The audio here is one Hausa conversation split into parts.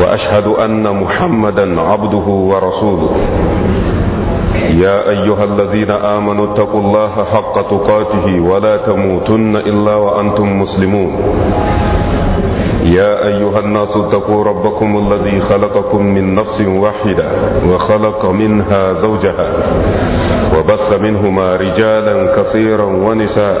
واشهد ان محمدا عبده ورسوله يا ايها الذين امنوا اتقوا الله حق تقاته ولا تموتن الا وانتم مسلمون يا أيها الناس اتقوا ربكم الذي خلقكم من نفس واحدة وخلق منها زوجها وبث منهما رجالا كثيرا ونساء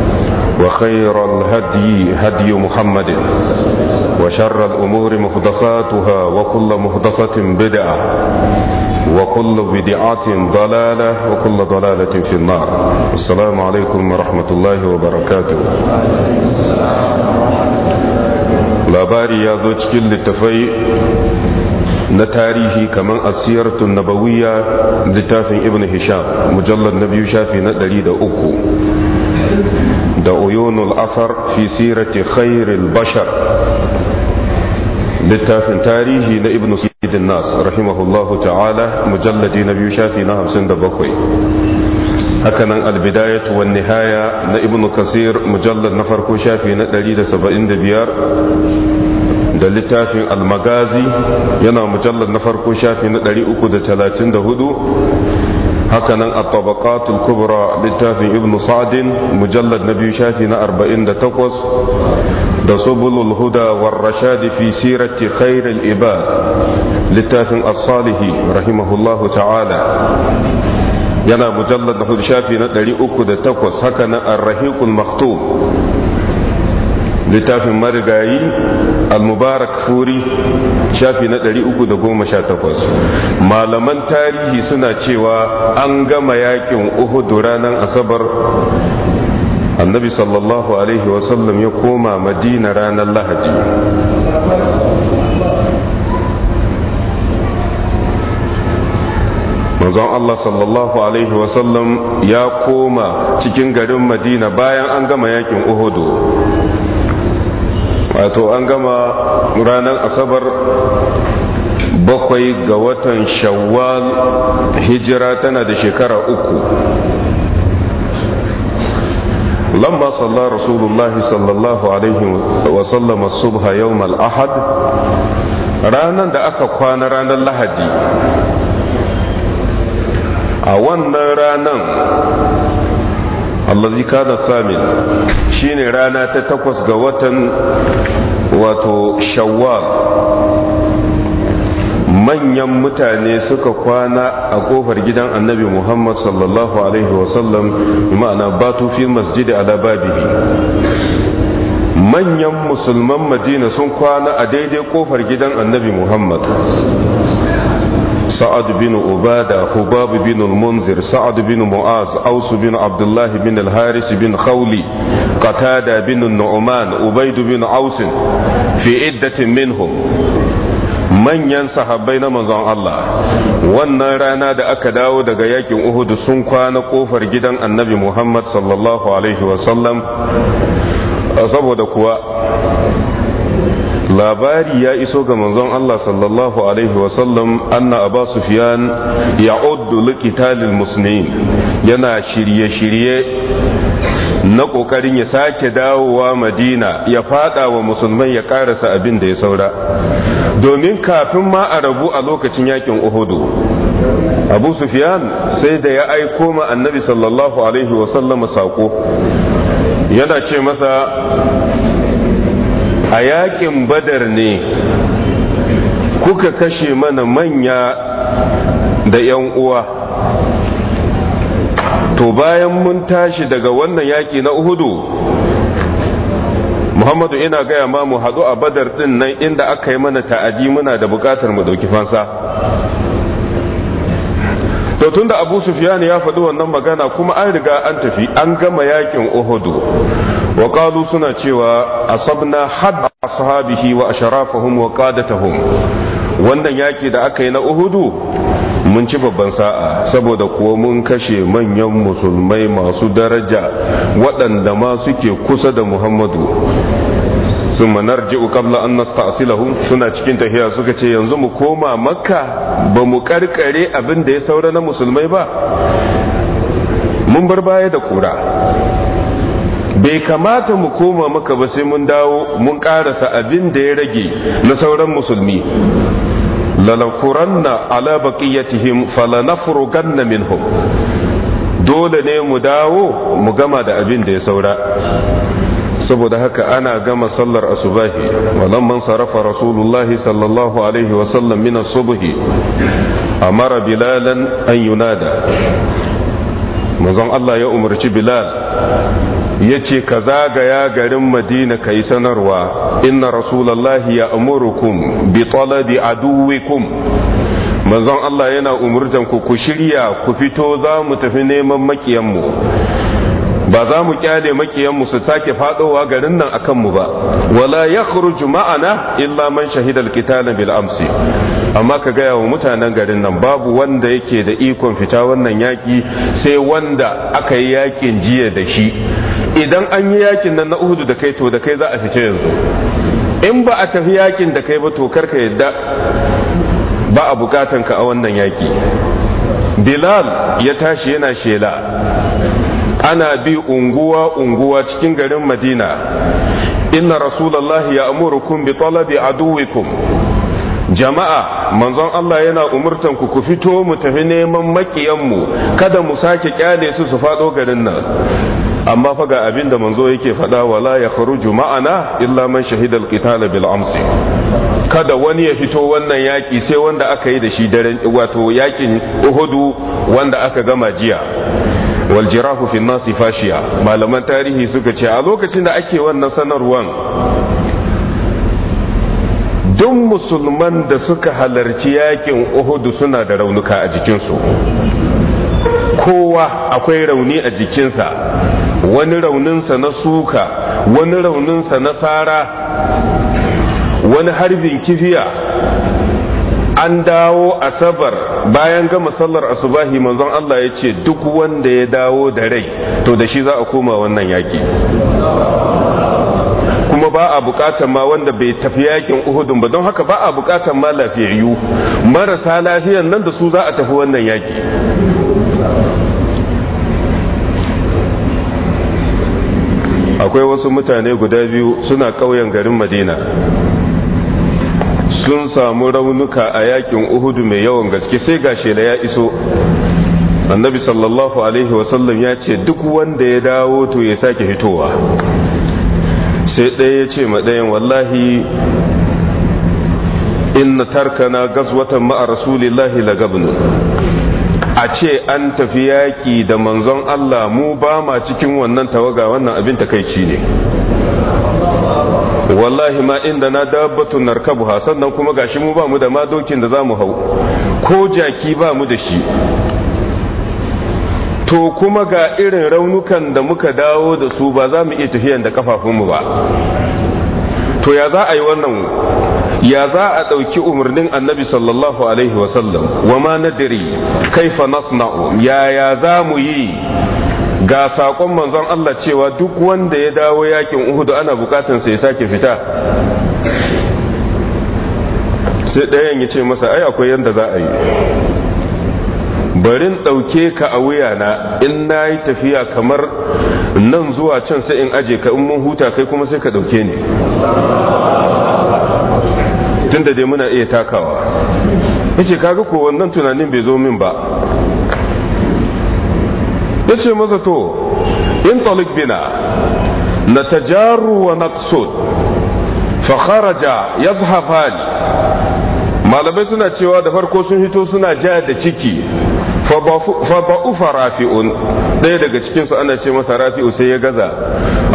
وخير الهدي هدي محمد وشر الأمور مهدساتها وكل مهدسة بدعة وكل بدعة ضلالة وكل ضلالة في النار السلام عليكم ورحمة الله وبركاته لا باري يا ذوش كل تفاي نتاريه كمان السيرة النبوية لتافي ابن هشام مجلد نبي شافي ندري أوكو da uyunul asar fi sirati khairil bashar littafin tarihi na ibn sidin nas rahimahullahu ta'ala mujalladi na biyu shafi na hamsin da bakwai hakanan albidayatu wan nihaya na ibn kasir mujallad na farko shafi na ɗari da saba'in da biyar da littafin almagazi yana mujallar na farko shafi na 334 hakanan a tabakatul kubra littafin ibnu sa'din mujallad na biyu shafi na 48 da subulul huda war rashadi fi sirati khairil ibad littafin as-salihi rahimahullahu ta'ala yana mujallar da shafi na 308 hakanan na arrahiqul maktum littafin marigayi al-mubarak furi shafi na 318 malaman tarihi suna cewa an gama yakin uhudu ranar asabar annabi sallallahu alaihi wasallam ya koma madina ranar lahadi manzon Allah sallallahu Alaihi wasallam ya koma cikin garin Madina bayan an gama yakin Uhudu wato an gama ranar asabar bakwai ga watan shawwal hijira tana da shekara uku lamba sallar rasulullahi sallallahu alaihi الله عليه وسلم الصبح ranar da aka kwana ranar lahadi a wannan ranar allazi kana samin shine rana ta takwas ga watan wato shawwal manyan mutane suka kwana a kofar gidan annabi muhammad sallallahu alaihi wasallam ma'ana batu fi masjidi ala babihi manyan musulman madina sun kwana a daidai kofar gidan annabi muhammad سعد بن عبادة خباب بن المنذر سعد بن معاذ أوس بن عبد الله بن الحارث بن خولي قتادة بن النعمان عبيد بن عوس في عدة منهم manyan sahabai na manzon Allah wannan rana da aka dawo daga yakin Uhudu sun kwana ƙofar gidan Annabi Muhammad sallallahu alaihi wasallam saboda kuwa labari ya iso ga manzon Allah sallallahu alaihi wa sallam anna Abu Sufyan uddu liqitalil muslimin yana shirye-shirye na kokarin ya sake dawowa Madina ya fada wa musulmai ya karasa abin da ya saura domin kafin ma a rabu a lokacin yakin Uhudu Abu Sufyan sai da ya aiko ma Annabi sallallahu alaihi wa sallam sako yana ce masa a yakin badar ne kuka kashe mana manya da yan uwa to bayan mun tashi daga wannan yaki na uhudu muhammadu ina gaya ma mu haɗu a badar ɗin nan inda aka yi mana ta'adi muna da bukatar mu ɗauki fansa to tun da abu sufiyani ya faɗi wannan magana kuma an riga an tafi an gama yakin uhudu وقالوا سنة cewa asabna حد ashabihi wa وقادتهم wannan yaki da aka yi na uhudu mun ci babban sa'a saboda kuwa mun kashe manyan musulmai masu daraja waɗanda ma suke kusa da muhammadu sun manar ji kabla an nasta'asilahu suna cikin tahiya suka ce yanzu mu koma makka ba mu ƙarƙare abin da ya saura na musulmai ba mun bar baya da kura bai kamata mu koma maka ba sai mun dawo mun karasa abin da ya rage na sauran musulmi lalakuranna ala baqiyatihim falanafruganna minhum dole ne mu dawo mu gama da abin da ya saura saboda haka ana gama sallar asubahi walamman sarafa rasulullahi sallallahu alaihi wasallam min asubuhi amara bilalan an yunada manzon Allah ya umarci bilal ya ce ka zagaya garin madina ka yi sanarwa inna rasulallahi ya amurukum bi talabi aduwikum manzon Allah yana umurtan ku ku shirya ku fito za mu tafi neman makiyanmu ba za mu kyale makiyanmu su sake fadowa garin nan akan mu ba wala yakhruju ma'ana illa man shahidal qitala bil amsi amma ka gaya wa mutanen garin nan babu wanda yake da ikon fita wannan yaki sai wanda aka yi yakin jiya da shi idan an yi yakin nan na uhudu da kai to da kai za a fice yanzu in ba a tafi yakin da kai ba to karka yadda ba a bukatan a wannan yaki bilal ya tashi yana shela ana bi unguwa unguwa cikin garin madina inna rasulullahi ya amurukum bi talabi aduwikum jama'a manzon Allah yana umurtan ku ku fito mu tafi neman mu kada mu sake kyale su su fado garin nan amma fa ga abin da manzo yake fada wala ya kharuju ma'ana illa man shahida alqitala bil amsi kada wani ya fito wannan yaki sai wanda aka yi da shi daren wato yakin uhudu wanda aka gama jiya wal jirahu fi nasi fashiya malaman tarihi suka ce a lokacin da ake wannan sanarwan duk musulman da suka halarci yakin uhudu suna da raunuka a jikinsu kowa akwai rauni a jikinsa wani rauninsa na suka wani rauninsa na sara wani harbin kifiya an dawo asabar bayan gama sallar asubahi manzon Allah ya ce duk wanda ya dawo da rai to da shi za a koma wannan yaki kuma ba a bukatar ma wanda bai tafi yakin uhudun ba don haka ba a bukatar ma lafiyayyu marasa lafiyan nan da su za a tafi wannan yaki akwai wasu mutane guda biyu suna ƙauyen garin madina sun samu raunuka a yakin uhudu mai yawan gaske sai ga shela ya iso annabi sallallahu alaihi wasallam ya ce duk wanda ya dawo to ya sake fitowa sai ɗaya ya ce maɗayan wallahi inna tarkana gazwatan ma'a rasulillahi lagabnu a ce an tafi yaƙi da manzon Allah mu ba ma cikin wannan tawaga wannan abin takaici ne wallahi ma inda na dabbatun narkabuha sannan kuma gashi mu ba mu da madokin da zamu mu hau ko jaki ba mu da shi to kuma ga irin raunukan da muka dawo da su ba za mu iya tafiyan da kafafunmu ba to ya za a yi wannan ya za a ɗauki umarnin annabi sallallahu alaihi wasallam wa ma nadiri kaifa nasna'u yaya za mu yi ga saƙon manzon Allah cewa duk wanda ya dawo yakin uhudu ana bukatun ya sake fita sai ɗayan ya ce masa ai akwai yadda za a yi barin ɗauke ka a wuyana in na yi tafiya kamar nan zuwa can sai in aje ka in mun huta kai kuma sai ka ɗauke ni tun dai muna iya takawa ya ce kaga ko wannan tunanin bai zo min ba ya ce masa to in bina na tajaru wa naqsud fa kharaja yazhafani malamai suna cewa da farko sun hito suna ja da ciki fa ufa rafi'un ɗaya daga cikinsu ana ce masa rafi'u sai ya gaza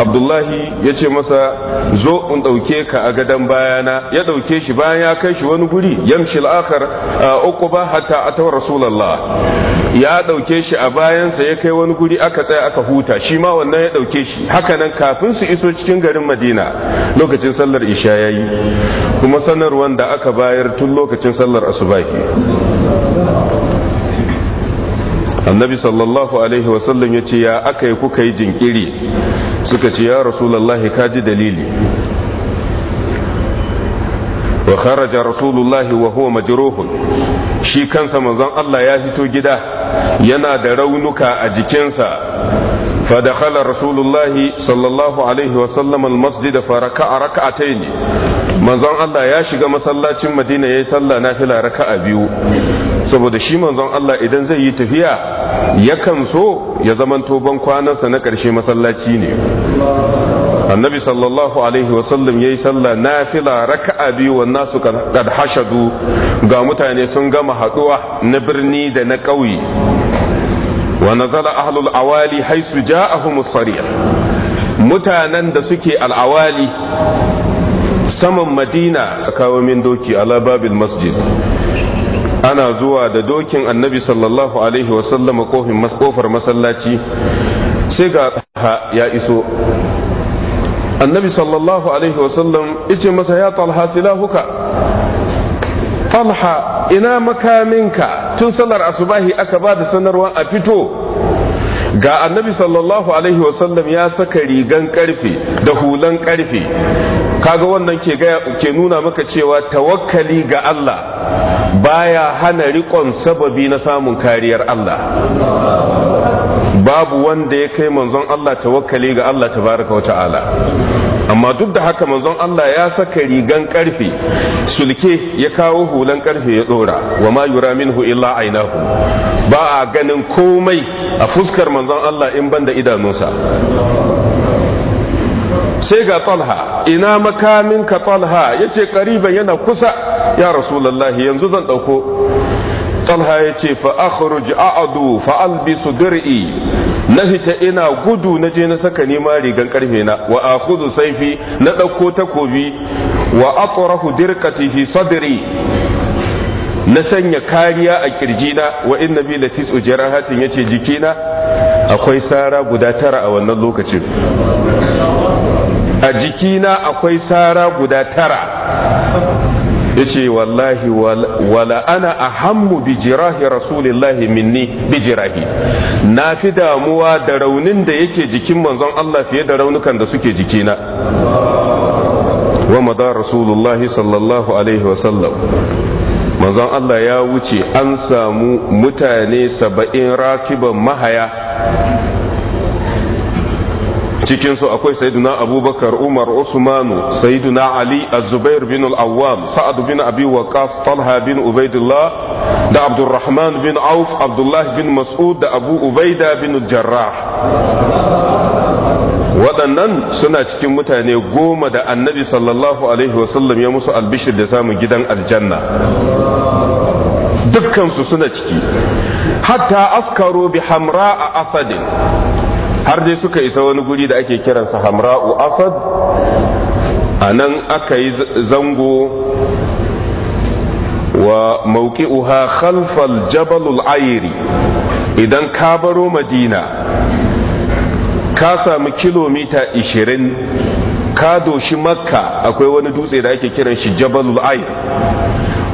abdullahi ya ce masa zo in ɗauke ka a gadon bayana ya ɗauke shi bayan ya kai shi wani guri yamshi al'akar uku ba hatta a tawar rasulallah ya ɗauke shi a bayansa ya kai wani guri aka tsaya aka huta shi ma wannan ya ɗauke shi haka nan kafin su iso cikin garin madina lokacin sallar isha ya yi kuma sanarwar da aka bayar tun lokacin sallar asubahi annabi sallallahu alaihi wasallam ya ce ya aka yi kuka yi jinkiri suka ce ya rasulallahi ka dalili wa kharaja rasulullahi wa huwa majruhun shi kansa manzon Allah ya fito gida yana da raunuka a jikinsa فدخل رسول الله صلى الله عليه وسلم المسجد فركع ركعتين manzon Allah ya shiga masallacin Madina yayi sallah nafila raka'a biyu saboda shi manzon Allah idan zai yi tafiya yakan so ya zamanto ban kwanansa na ƙarshe masallaci ne annabi sallallahu alaihi wasallam ya yi sallah na fila raka'a biyu wa su kad hashadu ga mutane sun gama haduwa na birni da na ƙauye wa nazala ahlul awali haisu ja'ahum sariya mutanen da suke al'awali saman madina kawo min doki a babil masjid ana zuwa da dokin annabi sallallahu alaihi wasallama kofar masallaci sai ga ya iso annabi sallallahu alaihi wasallam ice masa ya talha silahuka talha ina makaminka tun sallar asubahi aka ba da sanarwa a fito ga annabi sallallahu alaihi wasallam ya saka rigan karfe da hulan karfe kaga wannan ke ke nuna maka cewa tawakkali ga Allah baya hana rikon sababi na samun kariyar Allah babu wanda ya kai manzon Allah tawakkali ga Allah tabaraka wa ta'ala amma duk da haka manzon Allah ya saka rigan karfe sulke ya kawo hulan karfe ya dora wa ma yura minhu illa ainahu ba a ganin komai a fuskar manzon Allah in banda idanunsa sai ga talha ina makamin ka talha yace kariban yana kusa ya rasulullahi yanzu zan dauko talha ya ce fa akhruj a'adu fa albisu dir'i na fita ina gudu na je na saka nima rigan karfe na wa akhudhu saifi na dauko takobi wa atrahu dirqati fi sadri na sanya kariya a kirjina wa inna bi la tis'u jarahatin yace jikina akwai sara guda tara a wannan lokacin a jikina akwai sara guda tara yace wallahi wala ana ahammu bi jirahi rasulillahi minni bi jirahi na fi damuwa da raunin da yake jikin manzon Allah fiye da raunukan da suke jikina wa madar rasulullahi sallallahu alaihi wasallam manzon Allah ya wuce an samu mutane saba'in rakiban mahaya Cikinsu akwai sayyiduna abubakar umar usmanu sayyiduna ali az-zubair bin al sa'ad bin abi waqas talha bin ubaidillah da abdurrahman bin auf Abdullahi bin mas'ud da abu ubaida bin jarrah waɗannan suna cikin mutane goma da annabi sallallahu alaihi wasallam ya musu albishir da samun gidan aljanna dukkansu suna ciki hatta afkaro bi hamra a asadin har dai suka isa wani guri da ake kiransa hamra'u asad a nan aka yi zango wa mauki'uha khalfal jabalul ayiri idan ka baro madina ka sami kilomita 20 ka doshi makka akwai wani dutse da ake kiran shi jabalul ayir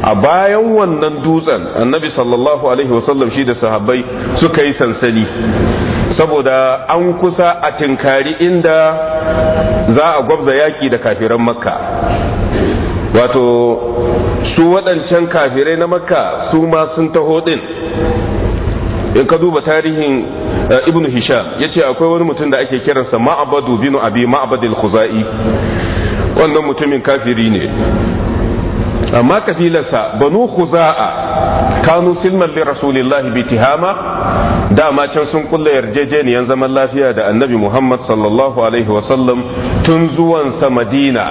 a bayan wannan dutsen annabi sallallahu alaihi wasallam shi da sahabbai suka yi sansani saboda an kusa a tinkari inda za a gwabza yaki da kafiran makka wato su waɗancan kafirai na makka su ma sun taho ɗin in ka duba tarihin eh, ibnu hisham ya ce akwai wani mutum da ake kiransa ma'abadu binu abi ma'abadil khuza'i wannan mutumin kafiri ne amma kabilarsa banu khuza'a kanu silman li rasulillahi bi tihama dama can sun kulla yarjejeniyan zaman lafiya da annabi muhammad sallallahu alaihi wasallam tun zuwansa madina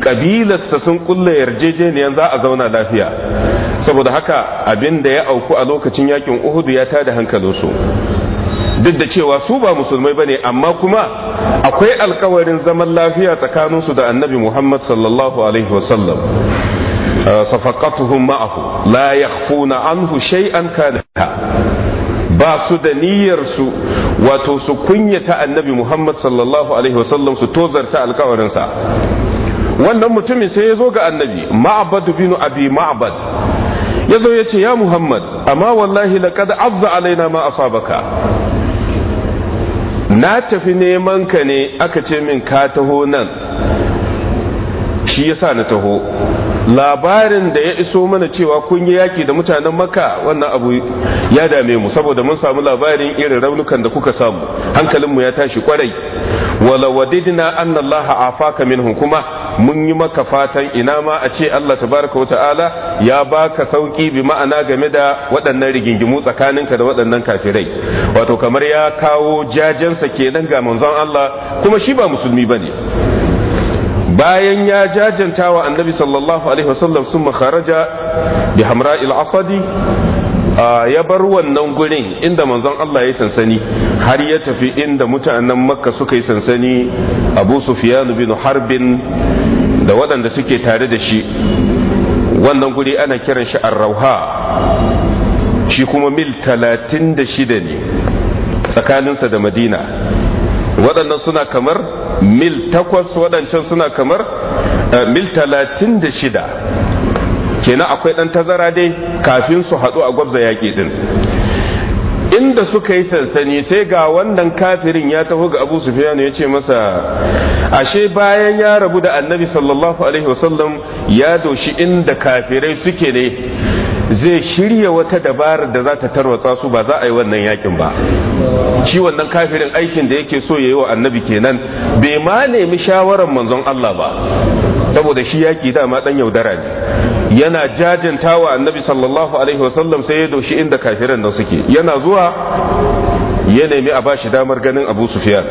kabilarsa sun kulla yarjejeniyan za a zauna lafiya saboda haka abin da ya auku a lokacin yakin uhudu ya tada hankalinsu duk da cewa su ba musulmai bane amma kuma akwai alkawarin zaman lafiya tsakaninsu da annabi Muhammad sallallahu alaihi wasallam Eh, eh, safaqatuhum ma'ahu la yakhfuna anhu shay'an kana ba su da niyyar su wato su kunyata annabi Muhammad sallallahu alaihi wasallam su tozarta alkawarinsa wannan mutumin sai ya zo ga annabi ma'abad bin abi ma'abad ya zo ya ce ya Muhammad amma wallahi laqad azza alaina ma asabaka na tafi neman ka ne aka ce min ka taho nan shi yasa na taho labarin da ya iso mana cewa kun yi yaki da mutanen Maka wannan abu ya dame mu saboda mun samu labarin irin raunukan da kuka samu hankalinmu ya tashi kwarai wala wadidna annallaha a afaka minhum kuma mun yi maka fatan ina ma a ce Allah tabaraka wata'ala ya baka sauki bi ma'ana game da waɗannan rigingimu tsakaninka da waɗannan kafirai wato kamar ya kawo jajensa kenan ga manzon Allah kuma shi ba musulmi bane bayan ya jajanta wa annabi sallallahu alaihi wasallam sun makaraja bi hamra asadi ya bar wannan gurin inda manzon Allah ya sansani har ya tafi inda mutanen makka suka yi sansani abu sufyan bin harbin da waɗanda suke tare da shi wannan guri ana kiran shi Rauha, shi kuma mil talatin da shida ne tsakaninsa da madina waɗannan suna kamar mil takwas waɗancan suna kamar eh, mil talatin da shida kenan akwai ɗan tazara dai kafin su haɗu a gwabza yaƙi ɗin inda suka yi sansani sai ga wannan kafirin ya taho ga abu sufiyanu ya ce masa ashe bayan ya rabu da annabi sallallahu alaihi wasallam ya doshi inda kafirai suke ne zai shirya wata dabarar da za ta tarwatsa su ba za a yi wannan yakin ba shi wannan kafirin aikin da yake so yayi wa annabi kenan bai ma nemi shawarar manzon Allah ba saboda shi yaki dama dan yaudara ne yana jajanta wa annabi sallallahu alaihi wasallam sai ya doshi inda kafirin nan suke yana zuwa ya nemi a bashi damar ganin Abu Sufyan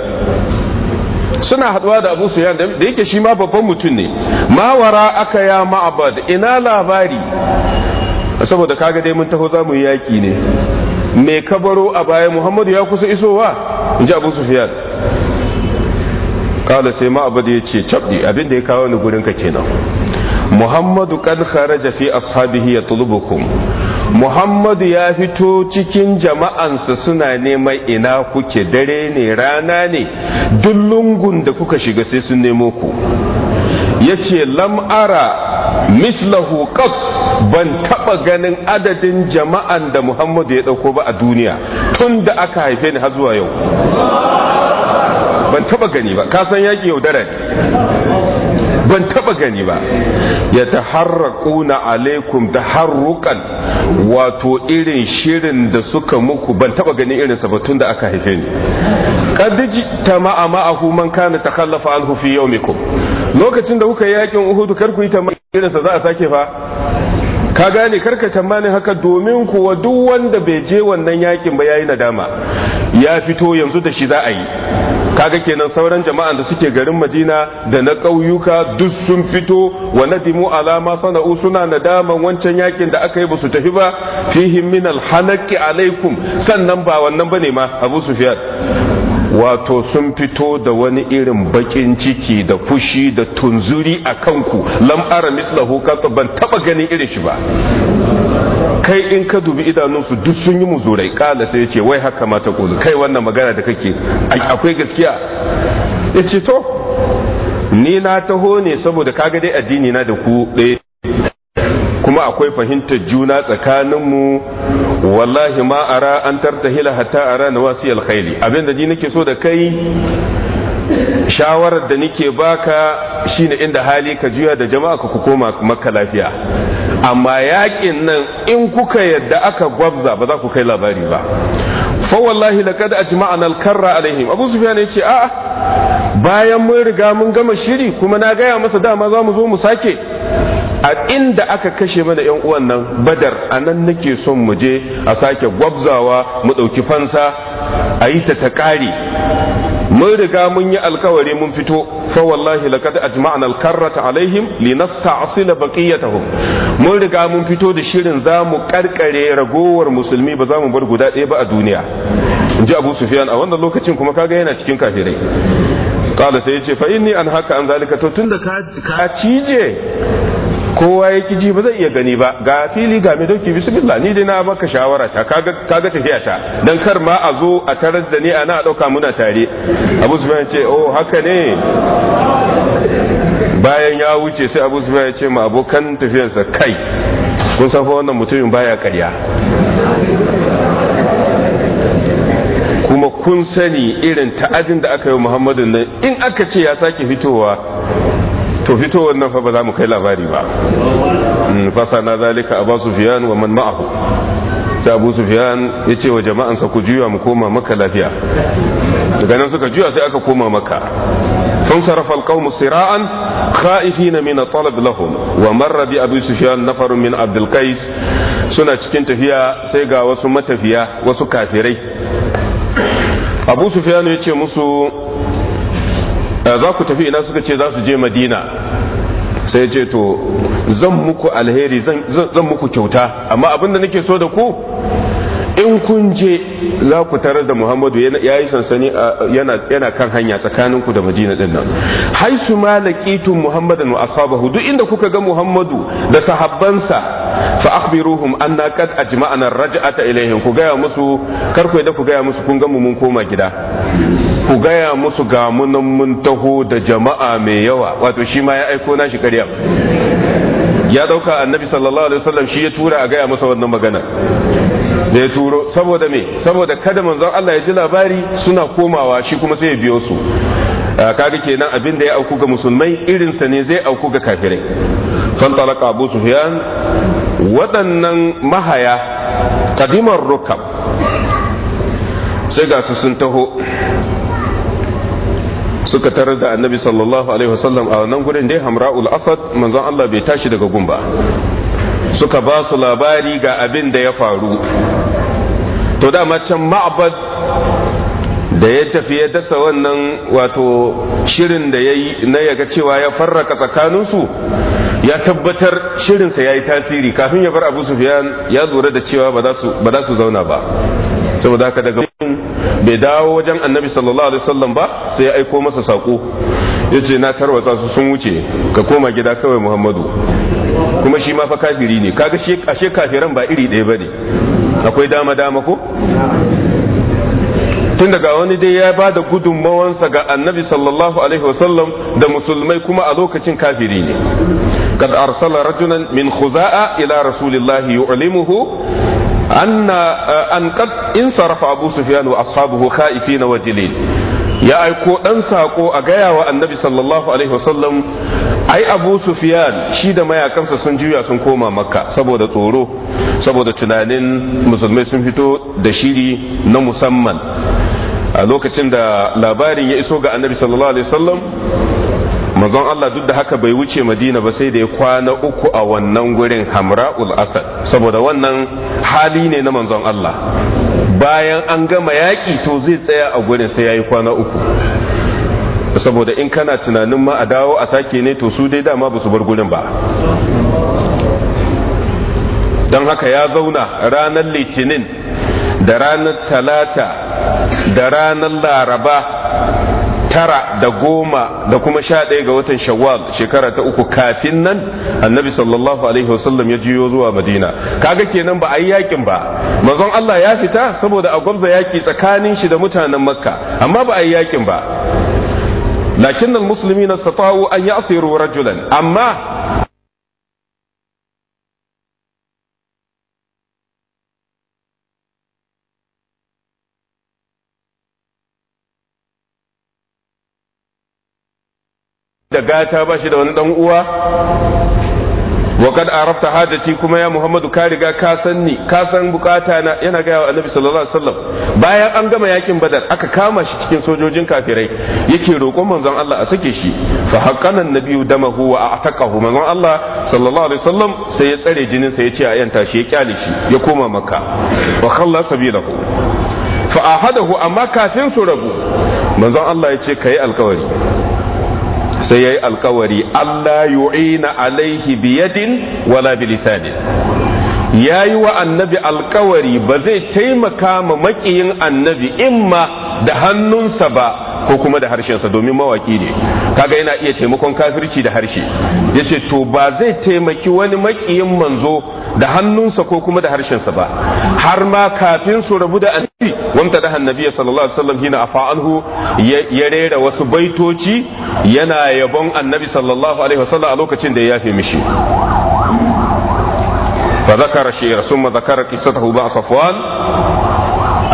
suna haduwa da abu suyan da yake shi ma babban mutum ne mawara aka ya ma'abad ina labari saboda kaga dai mun taho za mu yi yaki ne me kabaro a baya muhammadu ya kusa isowa in ji abu Sufiyar. kala sai ma abu da ya ce cabdi abinda ya kawo ni gurinka kenan muhammadu kan kharaja fi ashabihi ya tulubukum muhammadu ya fito cikin jama'ansa suna neman ina kuke dare ne rana ne duk lungun da kuka shiga sai sun nemo ku yace lam ara mislahu qat ban taba ganin adadin jama'an da Muhammadu ya dauko ba a duniya tun da aka haife ni har zuwa yau ban taba gani ba ka san yaki yaudara ne ban taba gani ba ya ta na alaikum taharruqan wato irin shirin da suka muku ban taba gani irin sa da aka haife ni qad jitama ma'ahu man kana takallafa anhu fi yawmikum lokacin da kuka yi yakin uhudu kar ku yi ta irin sa za a sake fa ka gane karka tamanin haka domin kuwa duk wanda bai je wannan yakin ba yayi nadama ya fito yanzu da shi za a yi kaga kenan sauran jama'an da suke garin madina da na ƙauyuka duk sun fito wa nadimu alama sana'u suna nadaman wancan yakin da aka yi basu tafi ba fihim min alhanaki alaikum sannan ba wannan bane ma abu sufyan wato sun fito da wani irin bakin ciki da fushi da tunzuri a kanku lam ara mislahu ban taba ganin irin shi ba kai in ka dubi idanunsu duk sun yi muzurai kala sai ya ce wai haka mata kulu kai wannan magana da kake akwai gaskiya ya ce to ni na taho ne saboda kaga dai addini na da ku ɗaya kuma akwai fahimtar juna tsakaninmu wallahi ma ara an tartahila hatta ara na wasu alkhairi abin da ji nake so da kai shawarar da nike baka shine inda hali ka juya da jama'a ka ku koma maka lafiya amma yakin nan in kuka yadda aka gwabza ba za ku kai labari ba fa wallahi laqad ajma'na al-karra alaihim abu sufyan yace a'a bayan mun riga mun gama shiri kuma na gaya masa dama za mu zo mu sake a inda aka kashe mana yan uwan nan badar a nan nake son mu je a sake gwabzawa mu ɗauki fansa a yi ta ta mun riga mun yi alkawari mun fito fa wallahi laqad ajma'na al-karrata alaihim linasta'sila baqiyatahum mun riga mun fito da shirin za mu karkare ragowar musulmi ba za mu bar guda ɗaya ba a duniya inji Abu Sufyan a wannan lokacin kuma kaga yana cikin kafirai kala sai ya ce fa inni an haka an zalika to tunda ka cije kowa ya ki ji ba zai iya gani ba ga fili ga mai doki bismillah ni dai na maka shawara ta kaga tafiya ta dan kar ma a zo a tarar da ni ana dauka muna tare abu sufyan ce oh haka ne bayan ya wuce sai abu sufyan ya ce ma abokan tafiyarsa kai kun san fa wannan mutumin baya karya kuma kun sani irin ta'adin da aka yi muhammadu nan in aka ce ya sake fitowa to fito wannan fa ba za mu kai labari ba mm, fasana zalika abu sufiyan wa man ma'ahu ta abu sufiyan ya ce wa jama'ansa ku juya mu koma maka lafiya daga nan suka juya sai aka koma maka sun sarrafa alƙawmu sira'an na min talab lahum wa marra bi abu sufyan nafarun min abdul suna cikin tafiya sai ga wasu matafiya wasu kafirai abu Sufiyan ya ce musu Eh, za ku tafi ina suka ce za su je madina sai ce to zan muku alheri zan muku kyauta amma abin da nake so da ku in kun je za ku tarar da muhammadu ya yi sansani yana kan hanya tsakaninku da madina din nan haisu ma laqitum muhammadan wa ashabahu duk inda kuka ga muhammadu da sahabbansa fa akhbiruhum anna qad ajma'na raj'ata ilaihim ku gaya musu kar da ku gaya musu kun ga mu mun koma gida ku gaya musu ga munan mun taho da jama'a mai yawa wato shi ma ya aiko na shi karya ya dauka annabi sallallahu alaihi wasallam shi ya tura a gaya masa wannan magana da ya turo saboda me saboda kada manzon Allah ya ji labari suna komawa shi kuma sai ya biyo su kaga kenan abin da ya auku ga musulmai irin sa ne zai auku ga kafirai talaka abu sufyan waɗannan mahaya kadimar rukab sai ga su sun taho suka tarar da annabi sallallahu alaihi wasallam a wannan gurin dai hamra'ul asad manzon Allah bai tashi daga gumba suka ba su labari ga abin da ya faru to dama can ma'abad da ya tafi ya dasa wannan wato shirin da ya yi na yaga cewa ya farraka tsakaninsu ya tabbatar shirinsa ya yi tasiri kafin ya bar abu sufiyan ya zura da cewa ba za su zauna ba saboda haka daga bai dawo wajen annabi sallallahu alaihi wasallam ba sai ya aiko masa sako ya ce na tarwatsa su sun wuce ka koma gida kawai muhammadu kuma shi ma fa kafiri ne kaga ashe kafiran ba iri ɗaya ba akwai dama dama ko tun daga wani dai ya ba da gudunmawansa ga annabi sallallahu alaihi wasallam da musulmai kuma a lokacin kafiri ne kad arsala rajulan min khuza'a ila rasulillahi yu'limuhu anna an qad in sarafa abu sufyan wa ashabuhu khaifina wajilin ya aiko dan sako a gayawa annabi sallallahu alaihi wasallam ai abu sufyan shi da mayakansa sun juya sun koma makka saboda tsoro saboda tunanin musulmai sun fito da shiri na musamman a lokacin da labarin ya iso ga annabi sallallahu alaihi wasallam manzon Allah duk da haka bai wuce Madina ba sai da ya kwana uku a wannan gurin Hamra'ul Asad saboda wannan hali ne na manzon Allah bayan an gama yaƙi to zai tsaya a gurin sai ya yi kwana uku saboda in kana tunanin ma a dawo a sake ne to su dai dama ba su bar gurin ba don haka ya zauna ranar litinin da ranar talata da ranar laraba tara da goma da kuma sha ɗaya ga watan shawwal shekara ta uku kafin nan annabi sallallahu alaihi wasallam ya jiyo zuwa madina kaga kenan ba a yi yakin ba manzon Allah ya fita saboda a gwamza yaki tsakanin shi da mutanen makka amma ba a yi yakin ba lakin al muslimina sata'u an ya'siru rajulan amma da gata ba shi da wani dan uwa wa kad arafta hajati kuma ya muhammadu ka riga ka san ni ka san bukata na yana ga annabi sallallahu alaihi wasallam bayan an gama yakin badar aka kama shi cikin sojojin kafirai yake roƙon manzon Allah a sake shi fa haqqana annabiyyu damahu wa a'taqahu manzon Allah sallallahu alaihi wasallam sai ya tsare jinin sa ya a yanta shi ya kyale shi ya koma makka wa khalla sabilahu fa ahadahu amma kafin su rabu manzon Allah ya ka kai alkawari sai yayi alkawari Allah yu'ina alaihi biyadin wala bilisanin ya yi wa annabi alkawari ba zai taimaka ma makiyin annabi imma da hannunsa ba ko kuma da harshensa domin mawaki ne kaga yana iya taimakon kafirci da harshe ya ce to ba zai taimaki wani makiyin manzo da hannunsa ko kuma da harshensa ba har ma kafin su rabu da da annabi sallallahu alaihi wasallam hina afa anhu ya rera wasu baitoci yana yabon annabi sallallahu alaihi wasallam a lokacin da ya yafe mishi fa zakara rasul ma zakara qissatahu ba safwan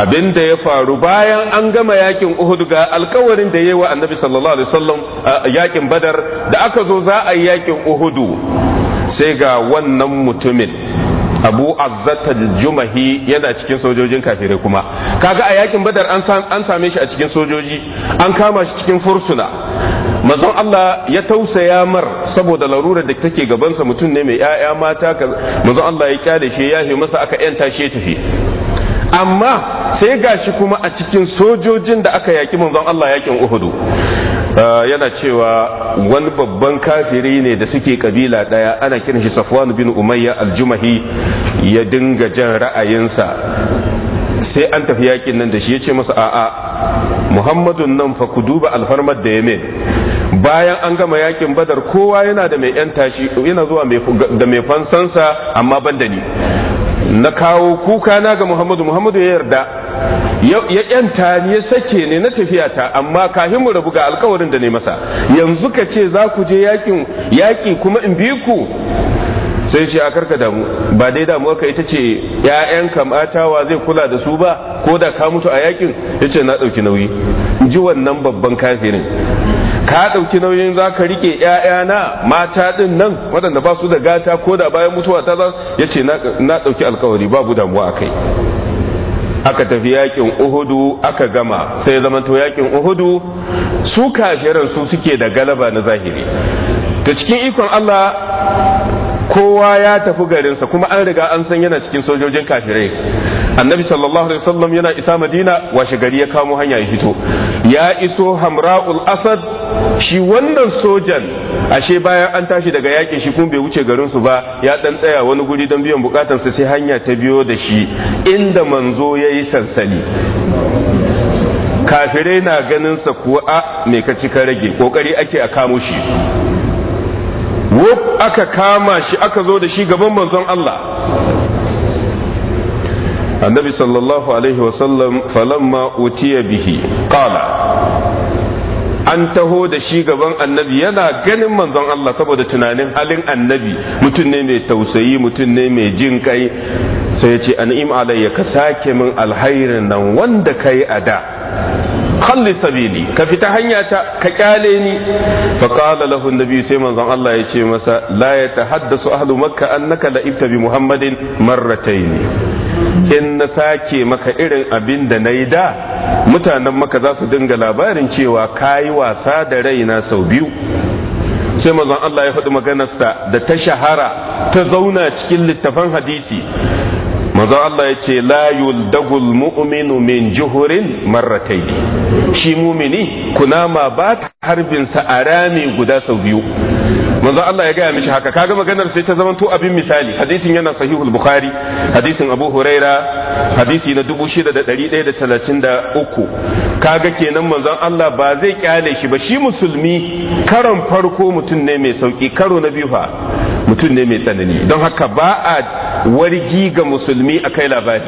abin da ya faru bayan an gama yakin Uhud ga alkawarin da yayi wa annabi sallallahu alaihi wasallam yakin Badar da aka zo za a yi yakin Uhud sai ga wannan mutumin abu azzata jumahi yana cikin sojojin kafirai kuma kaga a yakin badar an same shi a cikin sojoji an kama shi cikin fursuna mazan Allah ya tausaya mar saboda larurar da take gabansa mutum ne mai 'ya'ya mata mazan Allah ya kyale shi ya masa aka 'yanta shi ya tafi amma sai gashi kuma a cikin sojojin da aka yaki manzon Allah yakin Uhudu uh, yana cewa wani babban kafiri ne da suke kabila ɗaya ana kiran shi Safwan bin Umayya al-Jumahi ya dinga jan ra'ayinsa sai an tafi yakin nan da shi ya ce masa a'a muhammadun nan fa ku duba alfarmar da ya bayan an gama yakin badar kowa yana da mai yan tashi yana zuwa da mai fansansa amma ban da ni na kawo kuka na ga muhammadu muhammadu ya yarda ya yanta ni ya sake ne na tafiya ta amma kafin mu rabu ga alkawarin da ne masa yanzu ka ce za ku je yakin yaki kuma in bi ku sai ce a karka damu ba dai damu ka ita ce 'ya'yan kam'atawa zai kula da su ba ko da ka mutu a yakin ce na ɗauki nauyi ji wannan babban kafirin ka ɗauki nauyin za ka riƙe ‘ya'yana mata ɗin nan waɗanda ba su da gata ko da bayan mutuwa ta za ya ce na ɗauki alkawari babu damuwa a kai aka tafi yakin uhudu aka gama sai zamanto yakin uhudu su kafiran su suke da galaba na zahiri da cikin ikon Allah kowa ya tafi garinsa kuma an riga an san yana cikin sojojin kafirai annabi sallallahu alaihi wasallam yana isa madina washe gari ya kamo hanya ya fito ya iso hamra'ul asad shi wannan sojan ashe bayan an tashi daga yakin shi kun bai wuce garin su ba ya dan tsaya wani guri don biyan sa sai hanya ta biyo da shi inda manzo yayi sansani kafirai na ganin sa kuwa a me ka cika rage kokari ake a kamo shi wuf aka kama shi aka zo da shi gaban manzon Allah النبي صلى الله عليه وسلم فلما أتي به قال an taho da shi gaban annabi yana ganin manzon Allah saboda tunanin halin annabi mutum ne mai tausayi mutum ne mai jin kai sai ya ce an'im alayya ka sake min alhairin nan wanda kai a da khalli sabili ka fita hanya ta ka kyale ni fa qala lahu annabi sai manzon Allah ya ce masa la yatahaddasu ahlu makka annaka la bi muhammadin marratayn in na sake maka irin abin da na yi da mutanen maka za su dinga labarin cewa ka yi wasa da raina sau biyu sai mazan Allah ya faɗi maganarsa da ta shahara ta zauna cikin littafan hadisi mazan Allah ya ce layul dagul mu'minu min juhurin marratai shi mumini kunama ba ta harbin a rami guda sau biyu manzo Allah ya gaya mishi haka kaga maganar sai ta zamanto abin misali hadisin yana sahihul bukhari hadisin abu huraira hadisi na 6133 kaga kenan manzon Allah ba zai kyale shi ba shi musulmi karon farko mutum ne mai sauki karo na biyu fa mutum ne mai tsanani don haka ba a wargi ga musulmi a kai labari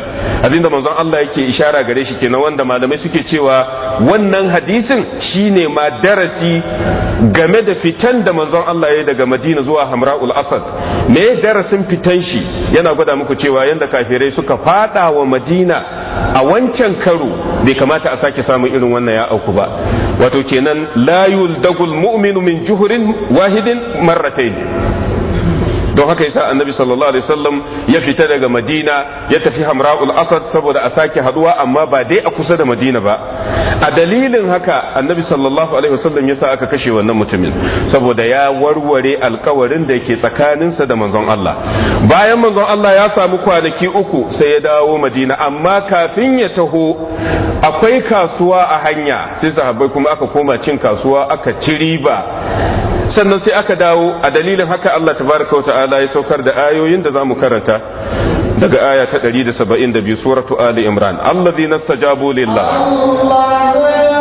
abinda manzon Allah yake ishara gare shi kenan wanda malamai suke cewa wannan hadisin shine ma darasi game da fitan da manzon Allah ya yi daga Madina zuwa Hamra'ul Asad me darasin fitan shi yana gwada muku cewa yanda kafirai suka fada wa Madina a wancan karo bai kamata a sake samu irin wannan ya auku ba wato kenan la yuldagul mu'minu min juhurin wahidin marratayn don haka yasa annabi sallallahu alaihi wasallam ya fita daga madina ya tafi hamra'ul asad saboda a sake haduwa amma ba dai a kusa da madina ba a dalilin haka annabi sallallahu alaihi wasallam yasa aka kashe wannan mutumin saboda ya warware alkawarin da yake tsakaninsa da manzon Allah bayan manzon Allah ya samu kwanaki uku sai ya dawo madina amma kafin ya taho akwai kasuwa a hanya sai sahabbai kuma aka koma cin kasuwa aka ci riba sannan sai aka dawo a dalilin haka Allah tabaraka ta'ala ya saukar da ayoyin da zamu karanta daga aya ta 172 suratu ali imran alladhina jabo lillah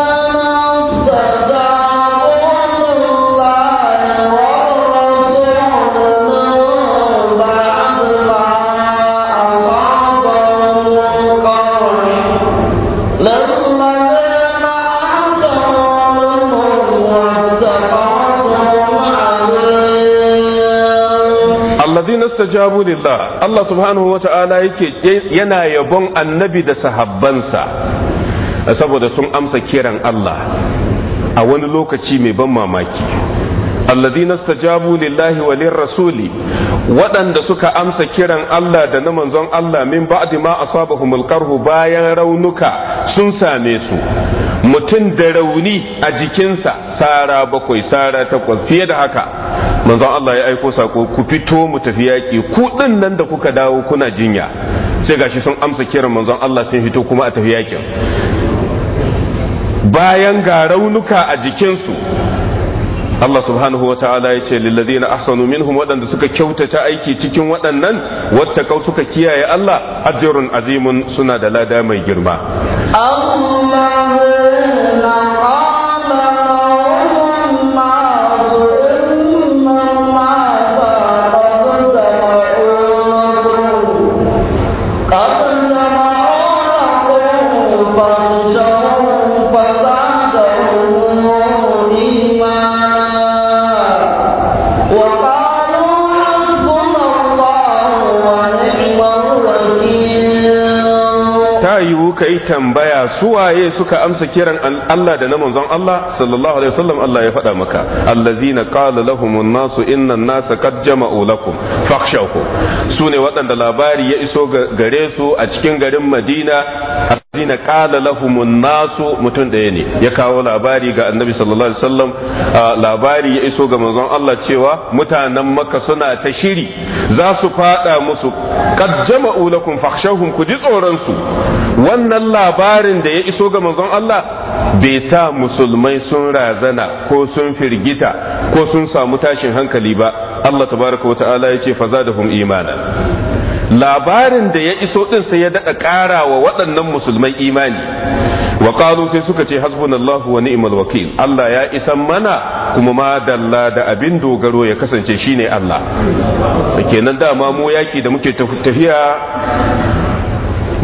alladhina istajabu lillah Allah subhanahu wata'ala yake yana yabon annabi da sahabbansa saboda sun amsa kiran Allah a wani lokaci mai ban mamaki alladina stajabu lillahi wa lirrasuli waɗanda suka amsa kiran Allah da na manzon Allah min ba'di ma asabahumul qarhu bayan raunuka sun same su mutum da rauni a jikinsa sara bakwai sara takwas fiye da haka manzon Allah ya aiko sako ku fito mu tafi yaƙi ku din nan da kuka dawo kuna jinya sai gashi sun amsa kiran manzon Allah sun fito kuma a tafi yaƙin bayan ga raunuka a jikinsu Allah subhanahu wa ta'ala ya ce lillazina ahsanu minhum waɗanda suka kyautata aiki cikin waɗannan kau suka kiyaye Allah ajrun azimun suna da lada mai girma Allah suka yi tambaya suwaye suka amsa kiran Allah da na manzon Allah sallallahu alaihi wasallam Allah ya faɗa maka allazina qala lahumun nasu innan nasa qad jama'u lakum fakhshawhu sune waɗanda labari ya iso gare su a cikin garin Madina Na qala lahumun nasu mutum ɗaya ne ya kawo labari ga annabi sallallahu alaihi wasallam labari ya iso ga manzon Allah cewa mutanen makka suna ta shiri za su fada musu qad jama'u lakum fakhshawhum ku ji tsoron su wannan labarin da ya iso ga manzon Allah bai sa musulmai sun razana ko sun firgita ko sun samu tashin hankali ba Allah tabaraka wa ta'ala yace fazadahum imana labarin da ya iso din sai ya daɗa ƙara wa waɗannan musulmai imani wa qalu sai suka ce hasbunallahu wa ni'mal wakil Allah ya isan mana kuma ma dalla da abin dogaro ya kasance shine Allah kenan dama mu yaki da muke tafiya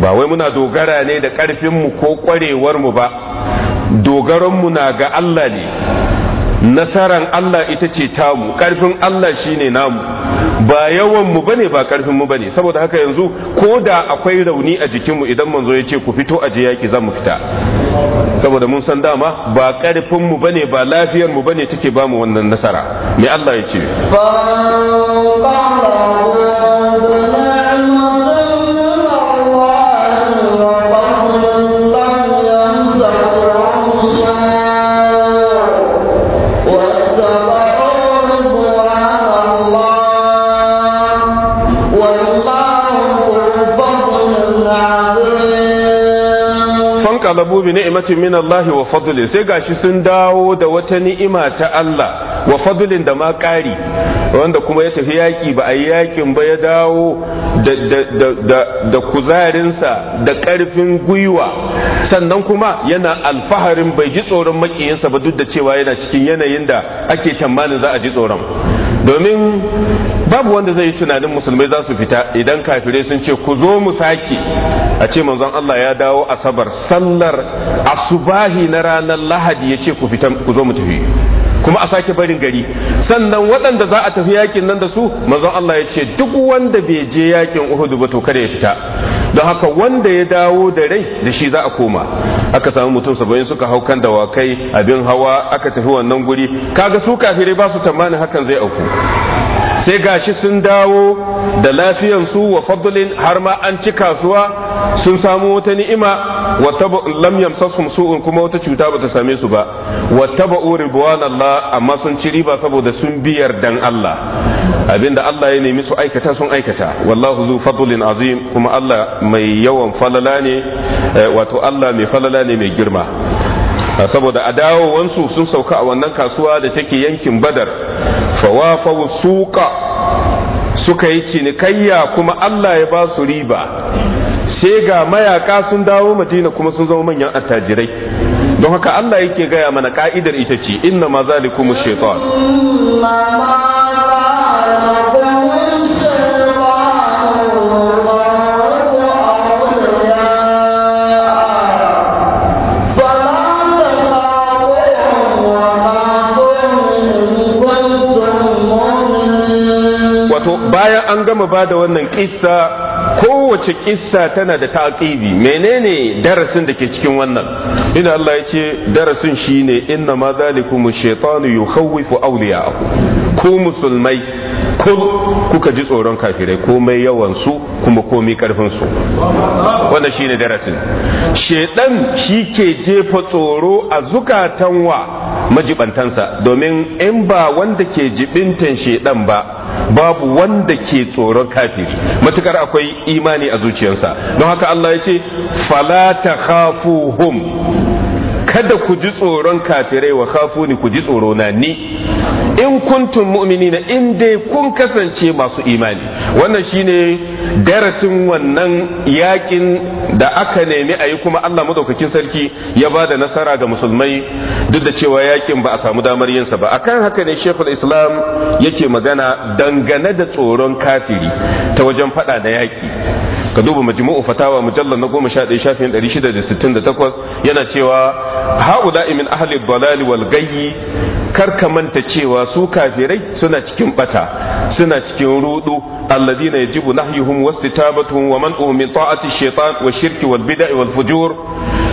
ba wai muna dogara ne da mu ko mu ba dogaronmu na ga Allah ne nasaran Allah ita ce tamu ƙarfin Allah shine namu ba yawan mu bane ba karfin mu bane saboda haka yanzu ko da akwai rauni a jikin mu idan manzo ya ce ku fito a je yaki za mu fita saboda mun san dama ba karfin mu bane ba lafiyar mu bane take ba mu wannan nasara me Allah ya ce fantaqalabu bi ni'matin min Allah wa fadlin sai gashi sun dawo da wata ni'ima ta Allah wa fadlin da ma ƙari wanda kuma ya tafi yaki ba a yakin ba ya dawo da da da da kuzarinsa da karfin gwiwa sannan kuma yana alfaharin bai ji tsoron makiyinsa ba duk da cewa yana cikin yanayin da ake tamanin za a ji tsoron domin babu wanda zai yi tunanin musulmai za su fita idan kafirai sun ce ku zo mu sake a ce manzon Allah ya dawo asabar sallar asubahi na ranar lahadi ya ce ku fita ku zo mu tafi kuma a sake barin gari sannan waɗanda za a tafi yakin nan da su manzon Allah ya ce duk wanda bai je yakin Uhud ba to kada ya fita don haka wanda ya dawo da rai da shi za a koma aka samu mutum saba'in suka hau kan dawakai abin hawa aka tafi wannan guri kaga su kafirai ba su tamanin hakan zai auku sai gashi sun dawo da su wa fadlin har ma an ci kasuwa sun samu wata ni'ima wa lam yamsasum su'un kuma wata cuta bata same su ba wa taba'u ridwan Allah amma sun ci riba saboda sun biyar dan Allah abinda Allah ya nemi su aikata sun aikata wallahu zu fadlin azim kuma Allah mai yawan falala ne eh, wato Allah mai falala ne mai girma saboda a dawowansu sun sauka a wannan kasuwa da take yankin badar fawafau suka suka yi cinikayya kuma Allah ya ba su riba sai ga mayaka sun dawo madina kuma sun zama manyan attajirai don haka Allah yake gaya mana ka'idar ita ce inna ma zalikumu shaitan an gama ba da wannan kissa kowace kissa tana da taƙibi menene darasin da ke cikin wannan ina Allah ya ce darasin shine inna ma shaitanu shaytanu yukhawwifu awliya'ahu ku musulmai ko kuka ji tsoron kafirai komai yawan su kuma komai karfin su wannan shine darasin shedan shi ke jefa tsoro a zukatan wa majibantansa domin in ba wanda ke jibintan shedan ba babu wanda ke tsoron kafiri matukar akwai imani a zuciyarsa don haka Allah ya ce fala takhafuhum kada ku ji tsoron kafirai wa khafuni ku ji tsoro na ni in kuntum mu'minina in dai kun kasance masu imani wannan shine darasin wannan yakin da aka nemi a yi kuma Allah madaukakin sarki ya ba da nasara ga musulmai duk da cewa yakin ba a samu damar yinsa ba akan haka ne shekul islam yake magana dangane da tsoron kafiri ta wajen fada da yaki ka duba majmu'u fatawa mujallar na goma sha ɗaya shafin ɗari yana cewa haula min ahli dalal wal gayyi kar ka manta cewa su kafirai suna cikin bata suna cikin rudu alladina yajibu nahyuhum wastitabatun wa man'uhum min ta'ati shaytan wa shirki wal bid'i wal fujur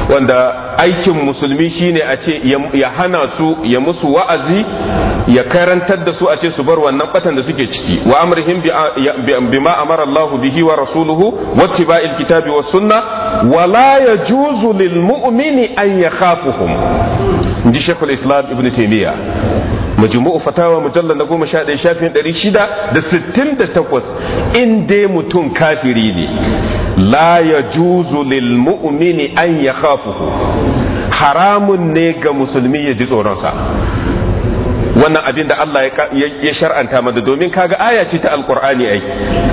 wanda aikin musulmi shine a ce ya hana su ya musu wa'azi ya karantar da su a ce su bar wannan batan da suke ciki wa amrihim bima amara Allah bihi wa rasuluhu wattiba'il kitabi wa sunna wa la yajuzu lil mu'mini an yakhafuhum inji shaykhul islam ibnu taymiya majmu'u fatawa mujallal na goma sha shafin ɗari da sittin da takwas in dai mutum kafiri ne la ya juzu lil mu'mini an ya haramun ne ga musulmi ya ji tsoronsa wannan abin da Allah ya shar'anta mada, domin kaga aya ce ta alqur'ani ai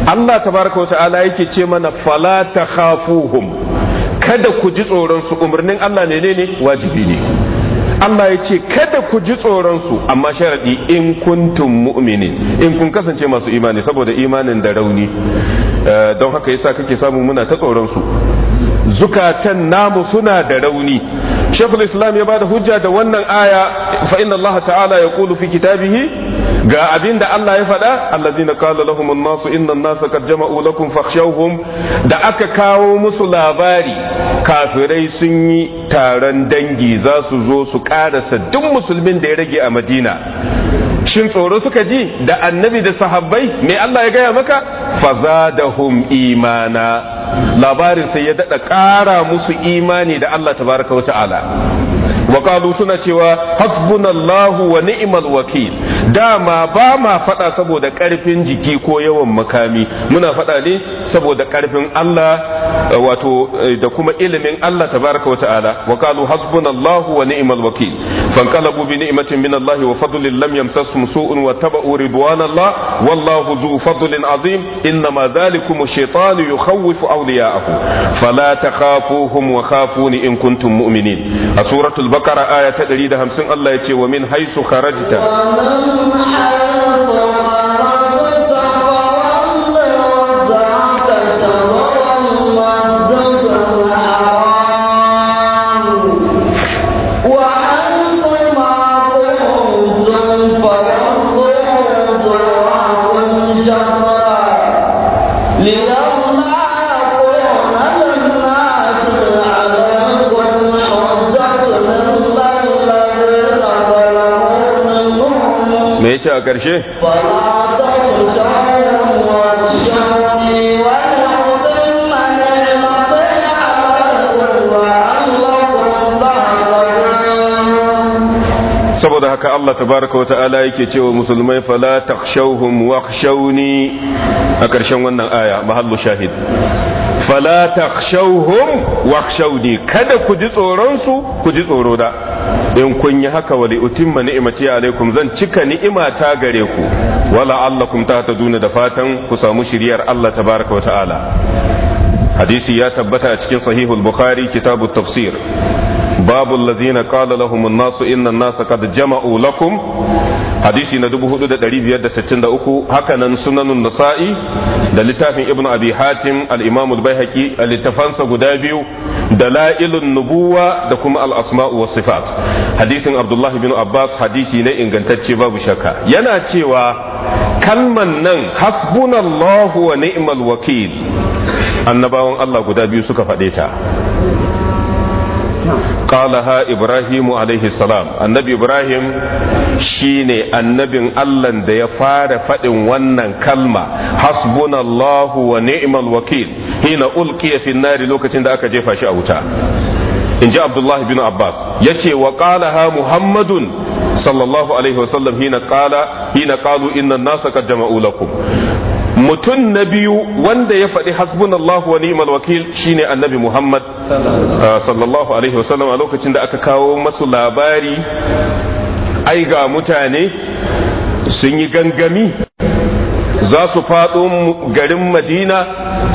Allah tabaraka wa ta'ala yake ce mana fala takhafuhum kada ku ji tsoron su umarnin Allah ne ne wajibi ne Allah ya ce kada ku ji tsoron su amma sharadi in kuntum mu'mini in kun kasance masu imani saboda imanin da rauni eh, don haka yasa kake samu muna ta su zukatan namu suna da rauni shekul islam ya bada hujja da wannan aya fa inna allaha ta'ala ya kulu fi kitabihi ga abin da Allah ya faɗa allazina qala lahum an-nasu inna an-nasa qad jama'u lakum fakhshawhum da aka kawo musu labari kafirai sun yi taron dangi za su zo su karasa duk musulmin da ya rage a Madina shin tsoro suka ji da annabi da sahabbai me Allah ya gaya maka fazadahum imana labarin sai ya dada ƙara musu imani da Allah tabaraka wa ta'ala wa suna cewa hasbunallahu wa ni'imal wakil dama ba ma fada saboda karfin jiki ko yawan makami muna fada ne saboda karfin Allah wato da kuma ilimin Allah tabaraka wa ta'ala wa qalu hasbunallahu wa ni'mal wakil fanqalabu bi ni'matin min Allah wa fadlin lam yamsasum su'un wa tabu ridwanallah wallahu zu fadlin azim innama mazalikumu ash-shaytanu yukhawwifu awliya'ahu fala takhafuhum wa khafuni in kuntum mu'minin a suratul bakara aya ta ɗari 150 Allah ya ce wa min haisu kharajta ce a ƙarshe saboda haka Allah tabaraka wa ta'ala yake cewa musulmai fala takhshawhum wakhshawni a ƙarshen wannan aya mahallu shahid fala takhshawhum wakhshawni kada ku ji tsoron su ku ji tsoro da in kun yi haka wali utimma ni'imati alaikum zan cika ni'imata gare ku wala ta tahtaduna da fatan ku samu shiriyar Allah tabaraka wa ta'ala hadisi ya tabbata a cikin sahihul bukhari kitabut tafsir babu lazina qala lahum an-nasu inna an-nasa qad jama'u lakum hadisi na 4563 haka nan sunanun nasa'i da littafin ibnu abi hatim al-imam al-baihaqi littafansa guda biyu dalailun nubuwa da kuma al-asma'u was sifat hadisin abdullahi bin abbas hadisi ne ingantacce babu shakka yana cewa kalman nan hasbunallahu wa ni'mal wakil annabawan Allah guda biyu suka faɗe ta qalaha ibrahimu alaihi salam annabi ibrahim shine annabin Allah da ya fara faɗin wannan kalma hasbunallahu wa ni'mal wakil hina ulqiya fi nari lokacin da aka jefa shi a wuta in ji abdullah bin abbas ya ce wa qalaha muhammadun sallallahu alaihi wasallam hina qala hina qalu inna nasa qad jama'u lakum mutum na biyu wanda ya faɗi hasbunallahu wa ni'mal wakil shine annabi Muhammad uh, sallallahu alaihi wasallam a lokacin da aka kawo masu labari ai ga mutane sun yi gangami za su faɗo garin madina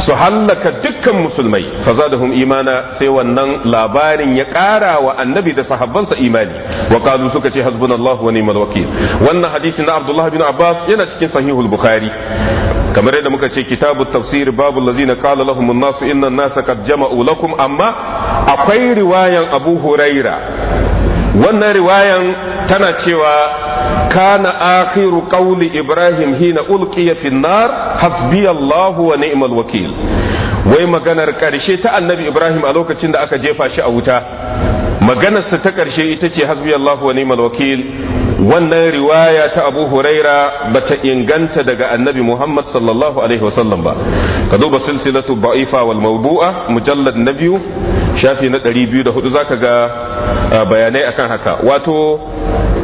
su hallaka dukkan musulmai faza da imana sai wannan labarin ya ƙara wa annabi da sahabbansa imani wa kazu suka ce hasbunallahu wa ni'mal wakil wannan hadisi na abdullah bin abbas yana cikin sahihul bukhari kamar yadda muka ce kitabu tafsir babu lazina kala lahum innan nas inna jama'u lakum amma akwai riwayan Abu Huraira wannan riwayan tana cewa kana akhiru qawli Ibrahim hina ulqiya fi nar hasbi wa ni'mal wakil wai maganar karshe ta Annabi Ibrahim a lokacin da aka jefa shi a wuta maganarsa ta karshe ita ce hasbi wa ni'mal wakil wannan riwaya ta abu huraira ba ta inganta daga annabi muhammad sallallahu alaihi wasallam ba ka duba silsilatu ba'ifa wal mawdu'a mujallad na biyu shafi na 204 zaka ga bayanai akan haka wato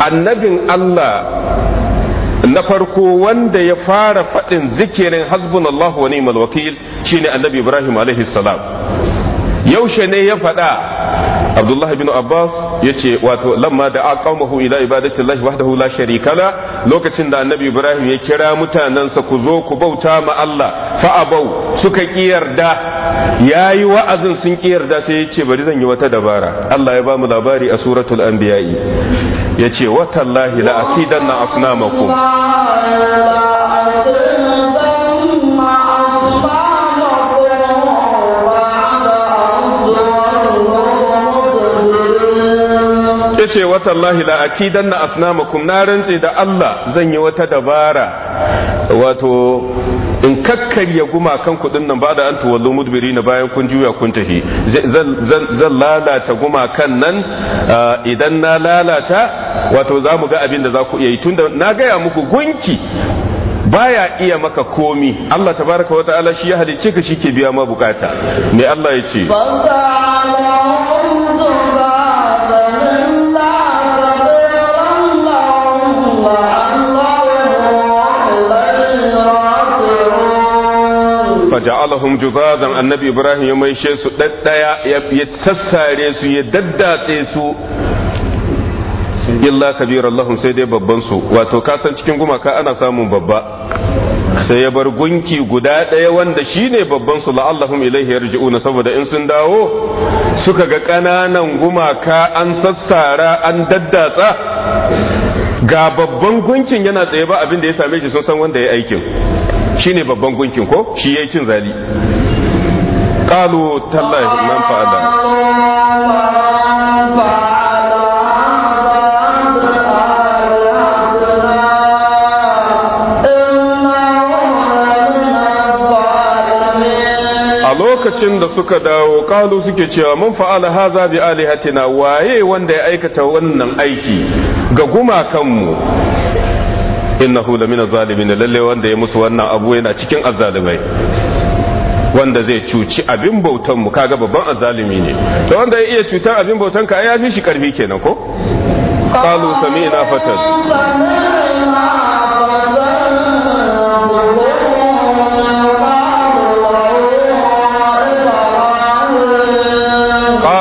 annabin allah na farko wanda ya fara faɗin zikirin hasbunallahu wa ni'mal wakil shine annabi ibrahim alaihi salam yaushe ne ya faɗa abdullah bin abbas ya ce wato lamma da aqamahu ila ibadati llahi wahdahu la sharika la lokacin da annabi ibrahim ya kira mutanansa ku zo ku bauta ma allah fa abau suka ki yayi wa'azin sun ki yarda sai ya ce bari zan yi wata dabara allah ya ba mu labari a suratul anbiya'i ya ce watallahi la asidanna asnamakum ya ce watallahi la akidan na asnamakum na rantse da Allah zan yi wata dabara wato in kakkarya gumakan kudin nan ba da an tuwallo mudbiri na bayan kun juya kun tafi zan lalata gumakan nan idan na lalata wato za mu ga abin da za ku iya yi da na gaya muku gunki baya iya maka komi Allah tabaraka wata ala shi ya halicce ka shi ke biya ma bukata me Allah ya ce faja'alahum juzazan annabi ibrahim ya maishe su daddaya ya sassare su ya daddatse su illa kabir lahum sai dai babban su wato kasan cikin gumaka ana samun babba sai ya bar gunki guda ɗaya wanda shine babban su la'allahum ilaihi yarji'una saboda in sun dawo suka ga ƙananan gumaka an sassara an daddatsa ga babban gunkin yana tsaye ba abin da ya same shi sun san wanda ya aikin Shi ne babban gunkin ko shi ya yi cin zali qalu tallar man fa'ala lokacin da suka dawo kalu suke cewa mun fa'ala haza bi alihatina waye wanda ya aikata wannan aiki ga gumakanmu innahu lamina zalimin lalle wanda ya musu wannan abu yana cikin azzalimai wanda zai cuci abin bautan mu kaga babban azzalimi ne to wanda ya iya cutar abin bautan ka ya fi shi karfi kenan ko qalu sami'na fatan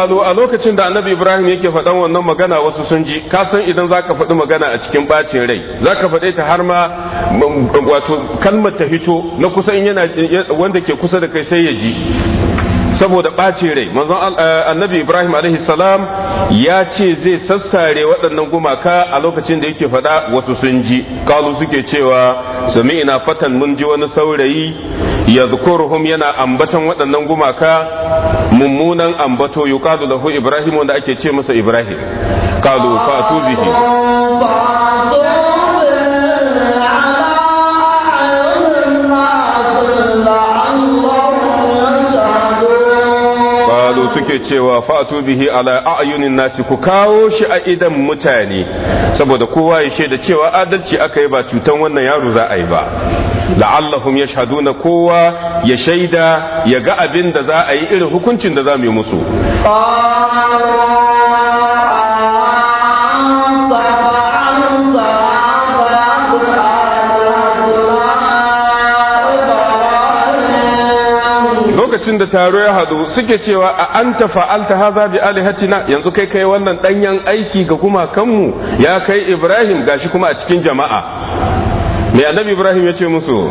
qalu a lokacin da annabi ibrahim yake faɗan wannan magana wasu sun ji ka san idan zaka faɗi magana a cikin bacin rai zaka faɗe ta har ma wato kalmar ta hito na kusa in yana wanda ke kusa da kai sai ya ji saboda ɓace rai manzon eh, annabi ibrahim alaihi salam ya ce zai sassare waɗannan gumaka a lokacin da yake faɗa wasu sun ji kalu suke cewa sami ina fatan mun ji wani saurayi ya zukuruhum yana ambatan waɗannan gumaka mummunan ambato yuqalu lahu ibrahim wanda ake ce masa ibrahim kalu fatu bihi yake cewa fa'atu bihi ala a'yunin nasi ku kawo shi a idan mutane saboda kowa ya shaida cewa adalci aka yi ba cutan wannan yaro za a yi ba la'allahum yashhaduna kowa ya shaida ya ga abin da za a yi irin hukuncin da za mu yi musu lokacin da taro ya hadu suke cewa a an anta fa'alta haza bi alihatina yanzu kai kai wannan ɗanyen aiki ga kuma kanmu ya kai ibrahim gashi kuma a cikin jama'a me annabi ibrahim ya ce musu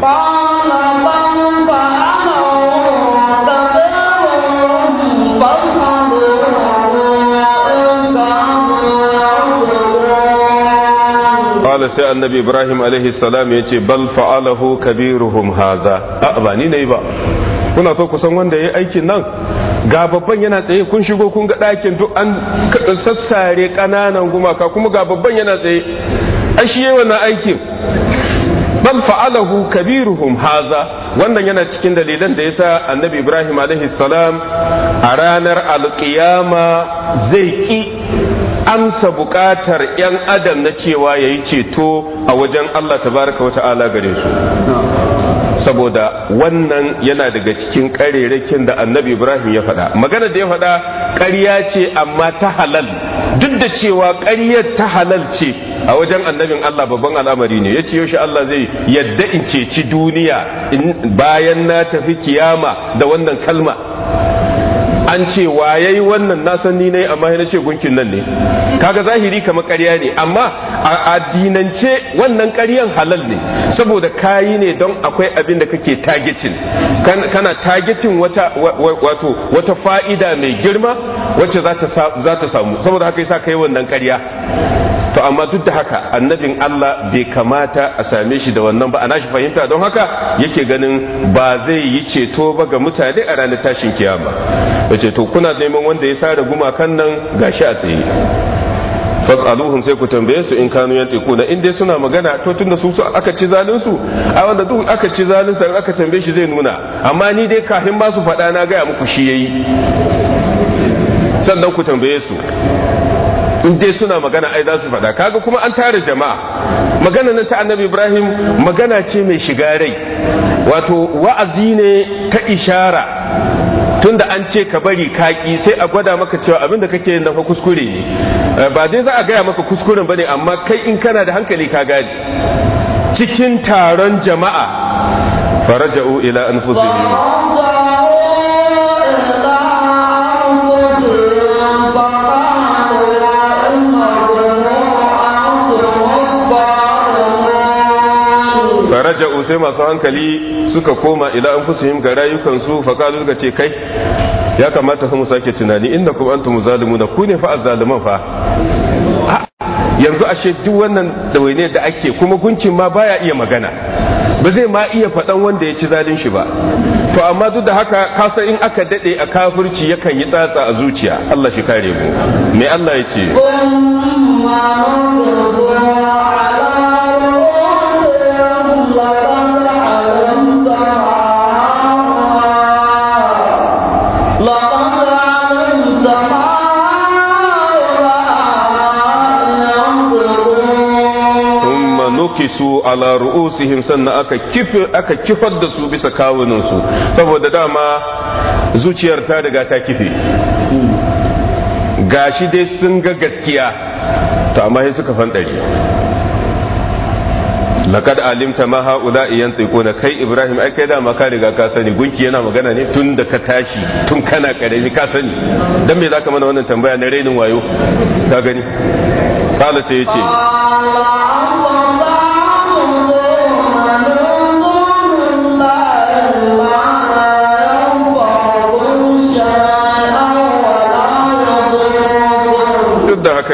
sai annabi ibrahim alaihi salam ce bal fa'alahu kabiruhum haza a ba ni nayi ba kuna so ku san wanda ya aikin nan ga babban yana tsaye kun shigo kun ga ɗakin duk an sassare ƙananan gumaka kuma ga babban yana tsaye yi wannan aikin ban fa'alahu kabiruhum haza wannan yana cikin dalilan da yasa annabi ibrahim alaihi salam a ranar alƙiyama zai ƙi amsa buƙatar 'yan adam na cewa ya yi ceto a wajen allah tabaraka wata'ala gare su saboda wannan yana daga cikin ƙarerakin da annabi ibrahim ya faɗa magana da ya faɗa ƙarya ce amma ta halal duk da cewa ƙaryar ta halal ce a wajen annabin allah babban al'amari ne ya ce yaushe allah zai yadda in ceci duniya bayan na tafi kiyama da wannan kalma an ce wa yayi wannan na san nayi amma na ce gunkin nan ne kaga zahiri kamar karya ne amma a addinance wannan karyan halal ne saboda kayi ne don akwai abin da kake targeting kana targeting wata wato wata fa'ida mai girma wacce za ta samu saboda haka yasa kai wannan karya. to amma duk da haka annabin Allah bai kamata a same shi da wannan ba ana shi fahimta don haka yake ganin ba zai yi ceto ba ga mutane a ranar tashin kiyama ce to kuna neman wanda ya sare gumakan nan gashi a tsaye fas'aluhum sai ku tambaye su in kanu yantiquna in dai suna magana to tun da su aka ci zalin su a wanda duk aka ci zalin sa aka tambaye shi zai nuna amma ni dai kafin ba su faɗa na gaya muku shi yayi sannan ku tambaye su in dai suna magana ai za su faɗa kaga kuma an tare jama'a magana nan ta annabi ibrahim magana ce mai shiga rai wato wa'azi ne ta ishara tunda an ce ka bari kaki sai a gwada maka cewa abin da kake yin kuskure ne eh, ba dai za a gaya maka kuskuren bane amma kai in kana da hankali ka gane cikin taron jama'a faraja'u ila anfusihim sai masu hankali suka koma ila an yin ga rayukansu fa faƙalu ga ce kai ya kamata fa tunani sake tunani innakum antum zalimuna ku ne fa zaliman fa yanzu ashe duk wannan dawaine da ake kuma guncin ma baya iya magana ba zai ma iya faɗan wanda ya ci zalin shi ba to amma duk da haka kasa in aka dade a kafirci yakan yi tsatsa a zuciya Allah shi kare mu me Allah ya ce nukisu ala ru'usihim sannan aka kifir aka kifar da su bisa kawunan su saboda dama zuciyar ta daga ta kife gashi dai sun ga gaskiya to amma sai suka fandare laqad alimta ma haula yantiquna kai ibrahim ai kai dama ka riga ka sani gunki yana magana ne tun da ka tashi tun kana karami ka sani dan me zaka mana wannan tambaya na rainin wayo ka gani kala sai yace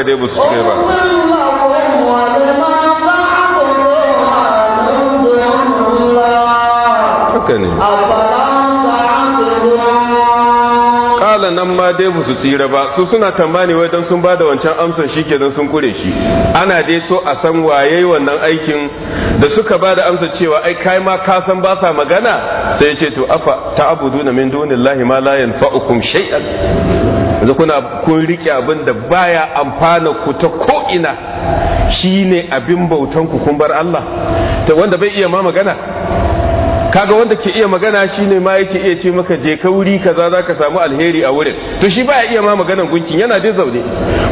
haka dai ba su ce ba haka ne kala nan ma dai ba su tsira ba su suna tambani wai don sun ba wancan amsan shi ke don sun kure shi ana dai so a san waye wannan aikin da suka ba da amsa cewa ai kai ma ka san ba sa magana sai ya ce to afa na min dunillahi ma la yanfa'ukum shay'an yanzu kuna kun rike abin da baya amfana ku ta ko'ina shi ne abin bautan ku kun bar Allah ta wanda bai iya ma magana kaga wanda ke iya magana shine ma yake iya ce maka je ka wuri kaza zaka samu alheri a wurin to shi baya iya ma maganan gunkin yana da zaune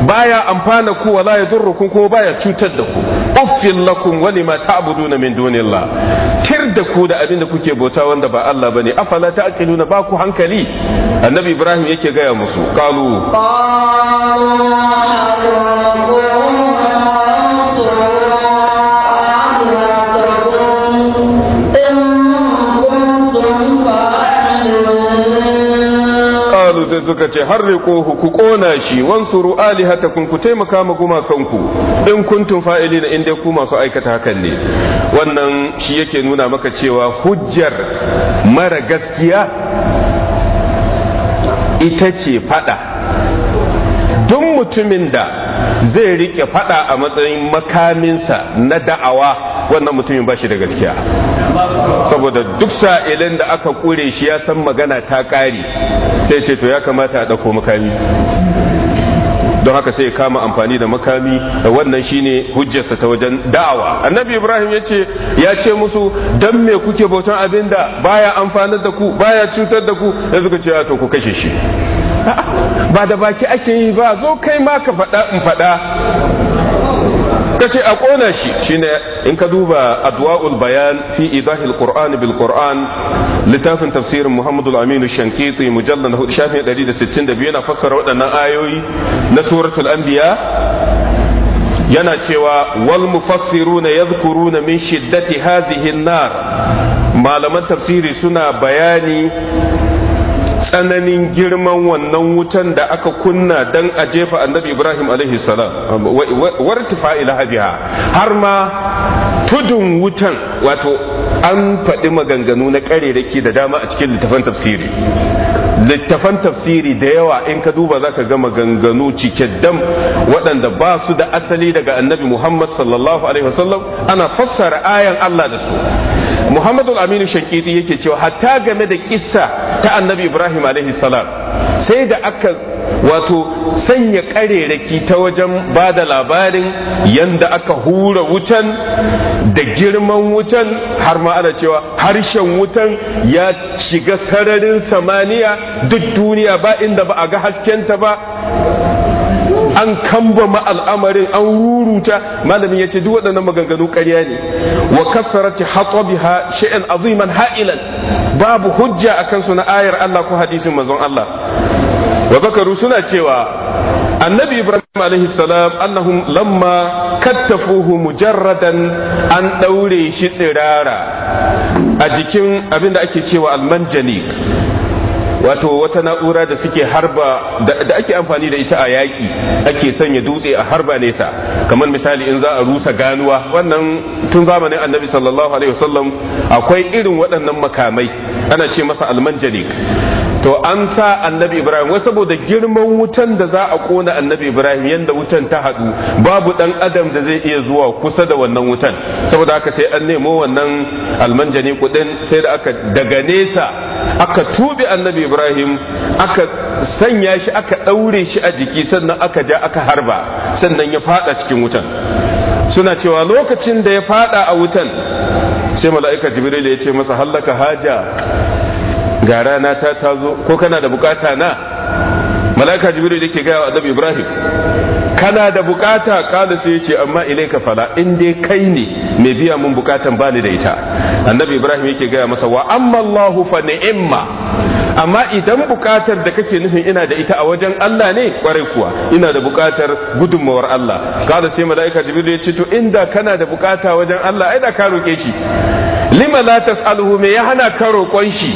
baya amfana ku wala yadurrukum ko baya cutar da ku uffil lakum wa lima ta'buduna min dunillah tir da ku da abinda kuke bauta wanda ba Allah bane afala ta'qiluna ba ku hankali annabi ibrahim yake gaya musu qalu qalu sai suka ce ko ku kona shi ru'ali alihatakum ku taimaka ma gumakanku in kuntum fa'ili in inda ku masu aikata hakan ne wannan shi yake nuna maka cewa hujjar mara gaskiya ita ce fada duk mutumin da zai rike fada a matsayin makaminsa na da'awa wannan mutumin ba shi da gaskiya saboda duk sa'ilin da aka kure shi ya san magana ta ƙari sai ce to ya kamata a ɗauko makami don haka sai kama amfani da makami da wannan shine hujjarsa ta wajen da'awa annabi ibrahim ya ce ya ce musu dan me kuke bautan abin da baya amfanar da ku baya cutar da ku da suka ce ah, to ku kashe shi ba da baki ake yi ba zo kai ma ka faɗa in faɗa kace a ƙona shi shine in ka duba adwaul bayan fi idahil qur'an bil qur'an littafin tafsirin muhammadu aminu shankiti mujallal hudu shafin biyu na fassara waɗannan ayoyi na suratul anbiya yana cewa wal mufassiruna na min shiddati hazihin nar malaman tafsiri suna bayani tsananin girman wannan wutan da aka kunna dan a jefa annabi ibrahim alaihi salam wartifa ilahabiha har ma tudun wutan wato an faɗi maganganu na ƙare da ke da dama a cikin littafan tafsiri littafan tafsiri da yawa in ka duba za ka ga maganganu cike dam waɗanda ba su da asali daga annabi muhammad sallallahu alaihi wasallam ana fassara ayan allah da su muhammadu aminu shakiti yake cewa hatta game da kissa ta annabi ibrahim alaihi salam sai da aka wato sanya kareraki ta wajen ba da labarin yanda aka hura wutan da girman wutan har ma ana cewa harshen wutan ya shiga sararin samaniya duk duniya ba inda ba a ga haskenta ba an kambama al'amarin an ruruta malamin ya ce duk waɗannan maganganu ƙarya ne wa kasarati ha shay'an aziman ha'ilan babu hujja a kansu na ayar Allah ko hadisin manzon Allah wa zakaru suna cewa annabi ibrahim alaihi salam annahum lamma kattafuhu mujarradan an daure shi tsirara a jikin abinda ake cewa almanjanik wato wata na'ura da suke harba da ake amfani da ita a yaƙi ake sanya dutse a harba nesa kamar misali in za a rusa ganuwa wannan tun zamanin annabi sallallahu alaihi wasallam akwai irin waɗannan makamai ana ce masa almanjanik to an sa annabi ibrahim wai saboda girman wutan da za a kona annabi ibrahim yadda wutan ta haɗu babu dan adam da zai iya zuwa kusa da wannan wutan saboda haka sai an nemo wannan almanjani kuɗin sai da aka daga nesa aka tubi annabi ibrahim aka sanya shi aka ɗaure shi a jiki sannan aka ja aka harba sannan ya fada cikin wutan suna cewa lokacin da ya fada a wutan sai mala'ika jibril ya ce masa hallaka haja ga rana ta tazo ko kana da bukata na mala'ika jibril yake gaya wa ibrahim kana da bukata kada sai yace amma ilaika fala in dai kai ne mai biya mun bukatan bani da ita annabi ibrahim yake gaya masa wa amma allah fa ni'imma amma idan bukatar da kake nufin ina da ita a wajen Allah ne kwarai kuwa ina da bukatar gudunmawar Allah kada sai mala'ika jibril ya ce to inda kana da bukata wajen Allah ai da ka roke shi lima la tas'aluhu me ya hana ka roƙon shi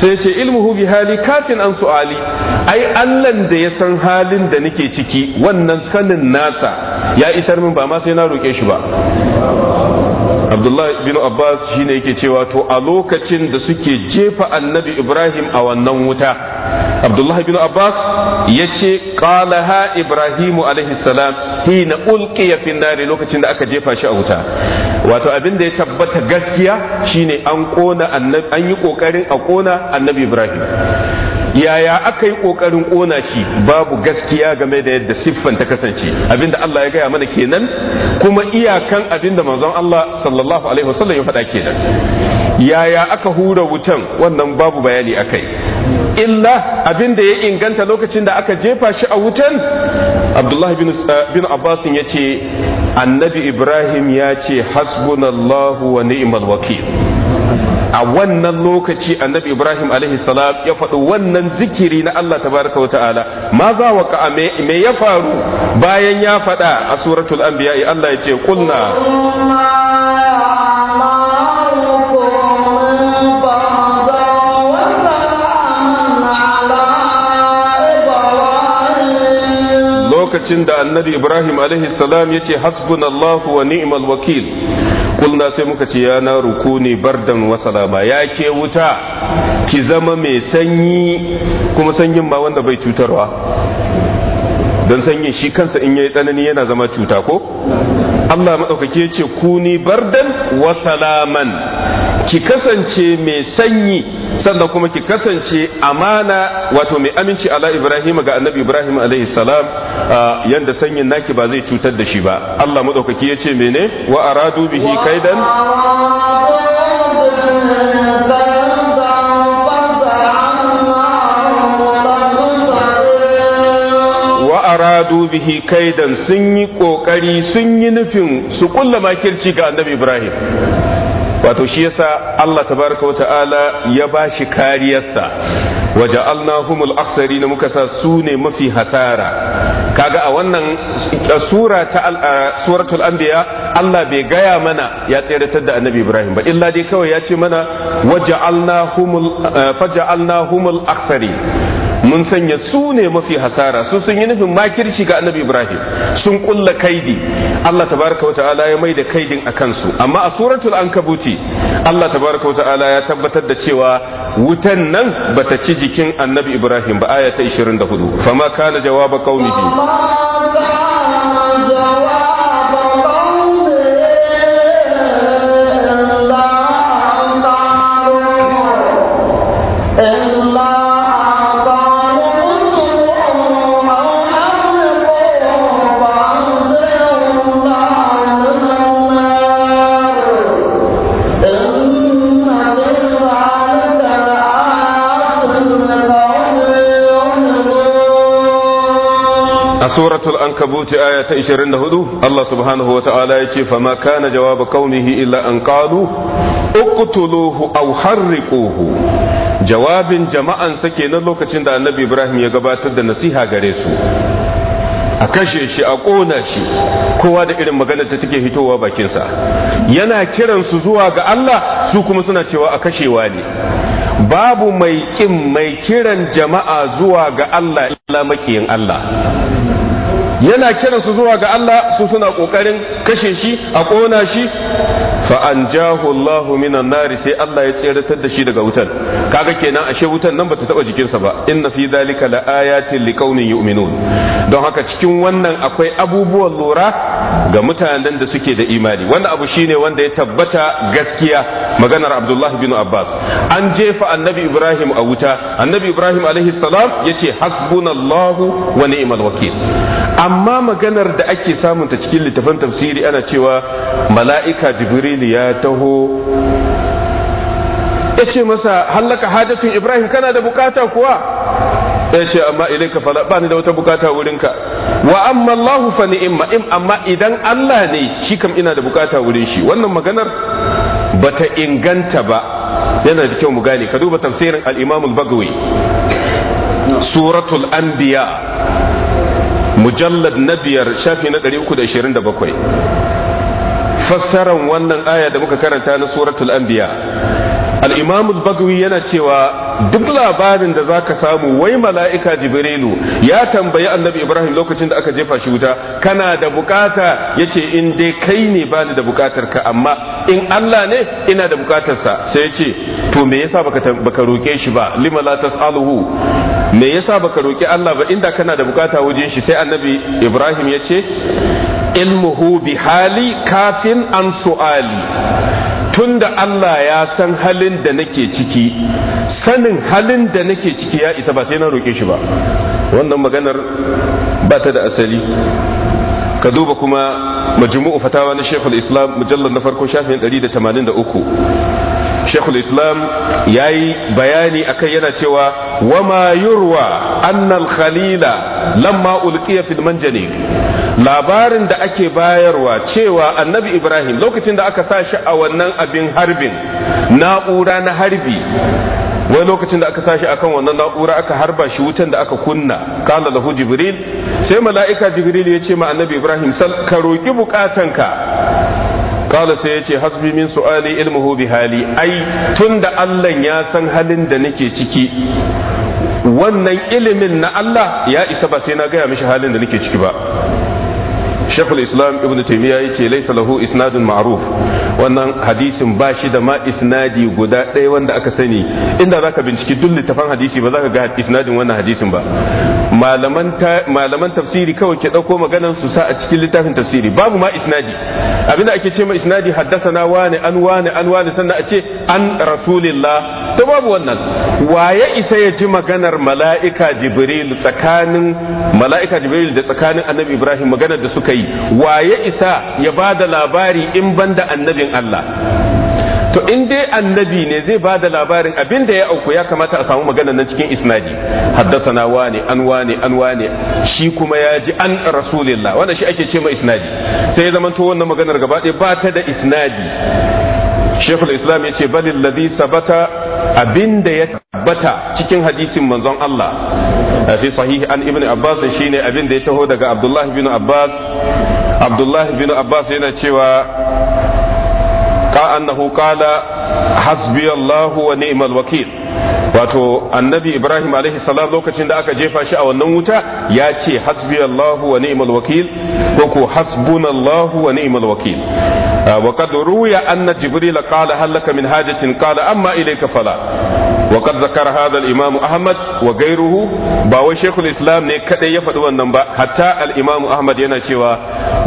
sai ce ilmuhu bi hali kafin an su'ali ai Allah da ya san halin da nake ciki wannan sanin nasa ya isar min ba ma sai na roƙe shi ba abdullahi bin abbas shine yake cewa to a lokacin da suke jefa annabi ibrahim a wannan wuta abdullahi bin abbas ya ce qalaha ibrahimu alaihi salam hina ulqiya fi nari lokacin da aka jefa shi a wuta wato abin da ya tabbata gaskiya shine an an yi ƙoƙarin a ƙona annabi ibrahim yaya aka yi ƙoƙarin ƙona shi babu gaskiya game da yadda siffan ta kasance abinda Allah ya gaya mana kenan kuma iyakan abinda manzon Allah sallallahu alaihi wasallam ya faɗa kenan yaya aka hura wutan wannan babu bayani akai illa abinda ya inganta lokacin da aka jefa shi a wutan Abdullah uh, bin Abbas ya ce annabi Ibrahim ya ce hasbunallahu wa ni'mal wakil a wannan lokaci annabi ibrahim alaihi salam ya faɗi wannan zikiri na allah tabaraka wa ta'ala ma za wa ka me ya faru bayan ya faɗa a suratul anbiya allah ya ce kulna lokacin da annabi ibrahim alaihi salam ya ce hasbunallahu wa ni'mal wakil kulna sai muka ce ya na rukuni bardan wa salama ya ke wuta ki zama mai sanyi kuma sanyin ba wanda bai cutarwa don sanyin shi kansa in yayi tsanani yana zama cuta ko Allah maɗaukaki ya ce kuni bardan wa salaman ki kasance mai sanyi sannan kuma ki kasance amana wato mai aminci ala ibrahim ga annabi ibrahim alaihi salam yanda sanyin naki ba zai cutar da shi ba Allah madaukaki ya ce mene wa aradu bihi kaidan aradu bihi kaidan sun yi kokari sun yi nufin su kulla makirci ga annabi ibrahim wato shi yasa Allah tabaraka wata'ala ya ba shi kariyarsa waje humul aksari na muka sa su ne mafi hasara kaga a wannan sura ta suratul anbiya Allah bai gaya mana ya tseratar da annabi Ibrahim ba illa dai kawai ya ce mana waje humul aksari mun sanya su ne mafi hasara su sun yi nufin makirci ga annabi ibrahim sun kulla kaidi allah tabaraka wata'ala ya mai da kaidin a kansu amma a suratul ankabuti allah tabaraka wata'ala ya tabbatar da cewa wutan nan bata ci jikin annabi ibrahim ba aya ta 24 fama kana jawaba qaumihi سورة الأنكبوت آية ta 24 Allah subhanahu wa ta'ala فما كان جواب kana إلا أن illa اقتلوه أو حرقوه جواب harriquhu jawabin jama'an sake na lokacin da annabi Ibrahim ya gabatar da nasiha gare a kashe shi a kona shi kowa da irin magana ta take hitowa bakinsa yana kiran su zuwa ga Allah su kuma suna cewa a kashewa ne babu mai kin mai kiran jama'a zuwa ga Allah illa makiyin Allah yana kiran su zuwa ga Allah su suna kokarin kashe shi a kona shi fa anjahu Allah minan nari sai Allah ya tseratar da shi daga wutan kaga kenan ashe wutan nan bata taba sa ba inna fi zalika la ayatin liqaumin yu'minun don haka cikin wannan akwai abubuwan lura ga mutanen da suke da imani wanda abu shine wanda ya tabbata gaskiya maganar Abdullah bin Abbas an jefa annabi Ibrahim a wuta annabi Ibrahim alaihi salam yace hasbunallahu wa ni'mal wakil amma maganar da ake samun ta cikin littafin tafsiri ana cewa mala'ika jibril ya taho ya ce masa hallaka hajatun ibrahim kana da bukata kuwa ya ce amma ilaika fala ba ni da wata bukata wurinka wa amma Allahu fa ni'imma im amma idan Allah ne shi kam ina da bukata wurin shi wannan maganar bata inganta ba yana da kyau mu gane ka duba tafsirin al-Imam al-Bagawi suratul anbiya mujallad na biyar shafi na 327 fassaran wannan aya da muka karanta na suratul anbiya al-imam bagawi yana cewa duk labarin da zaka samu wai mala'ika jibrilu ya tambayi annabi ibrahim lokacin da aka jefa shi wuta kana da bukata yace in dai kai ne bani da bukatar ka amma in Allah ne ina da bukatar sa sai yace to me yasa baka baka roke shi ba lima la tasaluhu me yasa baka roki Allah ba inda kana da bukata wajen shi sai annabi ibrahim yace ilmuhu bi hali kafin an su'ali Tun da Allah ya san halin da nake ciki sanin halin da nake ciki ya isa ba sai na roke shi ba wannan maganar ba ta da asali ka duba kuma majmu'u fatawa na Sheikhul Islam mujallal na farko shafin 183 Sheikhul Islam yayi bayani akan yana cewa وما يروى أن الخليل لما ألقي في المنجنيق labarin da ake bayarwa cewa annabi ibrahim lokacin da aka sashi a wannan abin harbin na'ura na harbi wai lokacin da aka sa shi akan wannan na'ura aka harba shi wutan da aka kunna kala lahu jibril sai mala'ika jibril ya ce ma annabi ibrahim ka roki bukatanka kala sai ya ce hasbi min su'ali ilmuhu bi hali ai tunda Allah ya san halin da nake ciki wannan ilimin na Allah ya isa ba sai na gaya mishi halin da nake ciki ba shekul islam ibn taimiyya ya ce laisa lahu isnadun ma'ruf wannan hadisin ba shi da ma isnadi guda ɗaya wanda aka sani inda zaka binciki duk littafan hadisi ba zaka ga isnadin wannan hadisin ba malaman tafsiri kawai ke ɗauko maganan su sa a cikin littafin tafsiri babu ma isnadi abinda ake ce ma isnadi haddasana wane an wane an wane sannan a ce an rasulillah to babu wannan waye isa ya ji maganar mala'ika jibril tsakanin mala'ika jibril da tsakanin annabi ibrahim maganar da suka kai wa ya isa ya ba da labari in banda annabin Allah to in dai annabi ne zai ba da labarin abin da ya auku ya kamata a samu magana nan cikin isnadi haddasana wane an wane an wane shi kuma ya ji an rasulillah wanda shi ake ce ma isnadi sai ya zamanto wannan maganar gaba ɗaya ba ta da isnadi shekul islam ya ce balil ladhi sabata abinda ya tabbata cikin hadisin manzon Allah fi sahih an ibn Abbas shine abinda ya taho daga Abdullah bin Abbas Abdullah bin Abbas yana cewa ka annahu qala hasbi Allah wa ni'mal wakil wato annabi ibrahim alaihi salam lokacin da aka jefa shi a wannan wuta ya ce hasbi allahu wa ni'mal wakil ko ko Allahu wa ni'mal wakil ah, wa qad ruya anna jibril qala halaka min hajatin qala amma ilayka fala wa qad zakara hadha al-imam ahmad wa ghayruhu ba wai shaykhul islam ne kadai ya faɗi wannan ba hatta al-imam ahmad yana cewa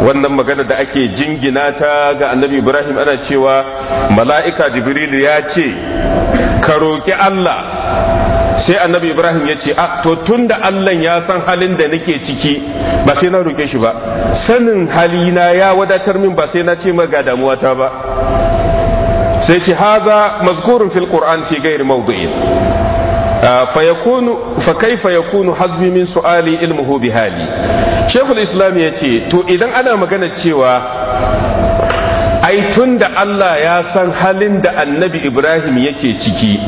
wannan magana da ake jingina ta ga annabi ibrahim ana cewa mala'ika jibril ya ce ka roki Allah sai annabi ibrahim ya ce a to tun da allah ya san halin da nake ciki ba sai na roƙe shi ba sanin halina ya wadatar min ba sai na ce ga damuwata ba sai ce haza mazkurun fil qur'an fi gairi mawdu'in fa kai fa kaifa yakunu hazbi min su'ali ilmuhu bi hali shekul islam ya ce to idan ana magana cewa ai tun da allah ya san halin da annabi ibrahim yake ciki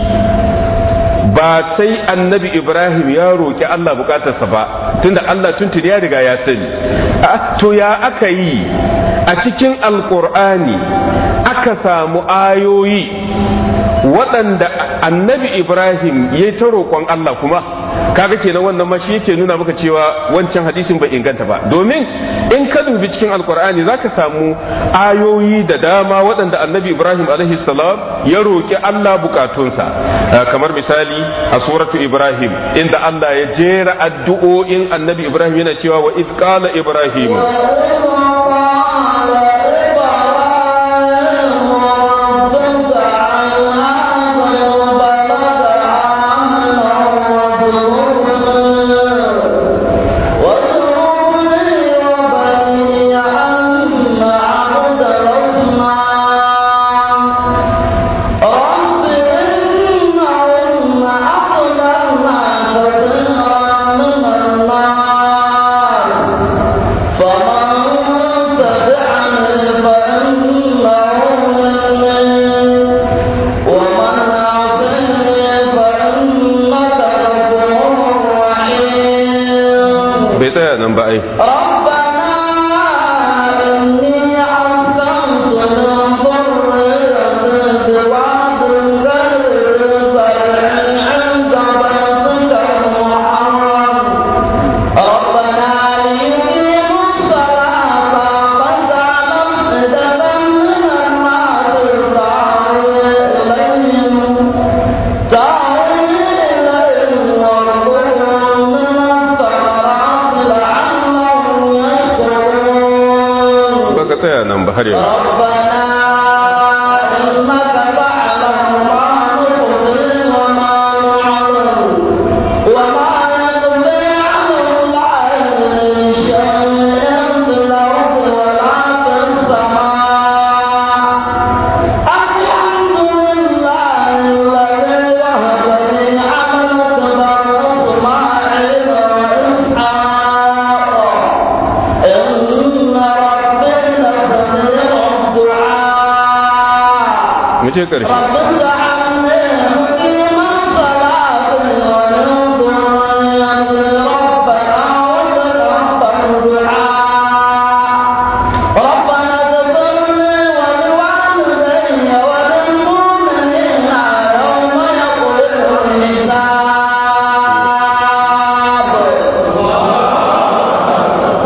ba sai annabi ibrahim ya roƙi allah bukatarsa ba tunda allah tuntun ya riga ya sani to ya aka yi a cikin alkur'ani aka samu ayoyi waɗanda annabi ibrahim ya yi ta roƙon allah kuma kaga kenan wannan ma shi yake nuna maka cewa wancan hadisin bai inganta ba domin in ka dubi cikin alkur'ani zaka samu ayoyi da dama waɗanda annabi ibrahim alaihi salam ya roki allah bukatunsa ah, kamar misali a suratu ibrahim inda allah ya jera addu'o'in annabi ibrahim yana cewa wa idh ibrahim je ƙarshe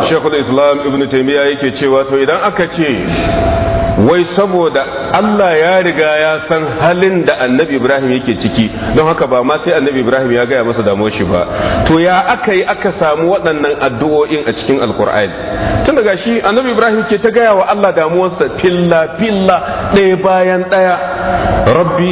shekul islam ibn taimiyya yake cewa to idan aka ce wai saboda Allah ya riga ya san halin da annabi Ibrahim yake ciki don haka ba ma sai annabi Ibrahim ya gaya masa damuwar shi ba to ya aka yi aka samu waɗannan addu'o'in a cikin alkur'ani tun daga shi annabi Ibrahim ke ta gaya wa Allah damuwarsa filla filla ɗaya bayan ɗaya rabbi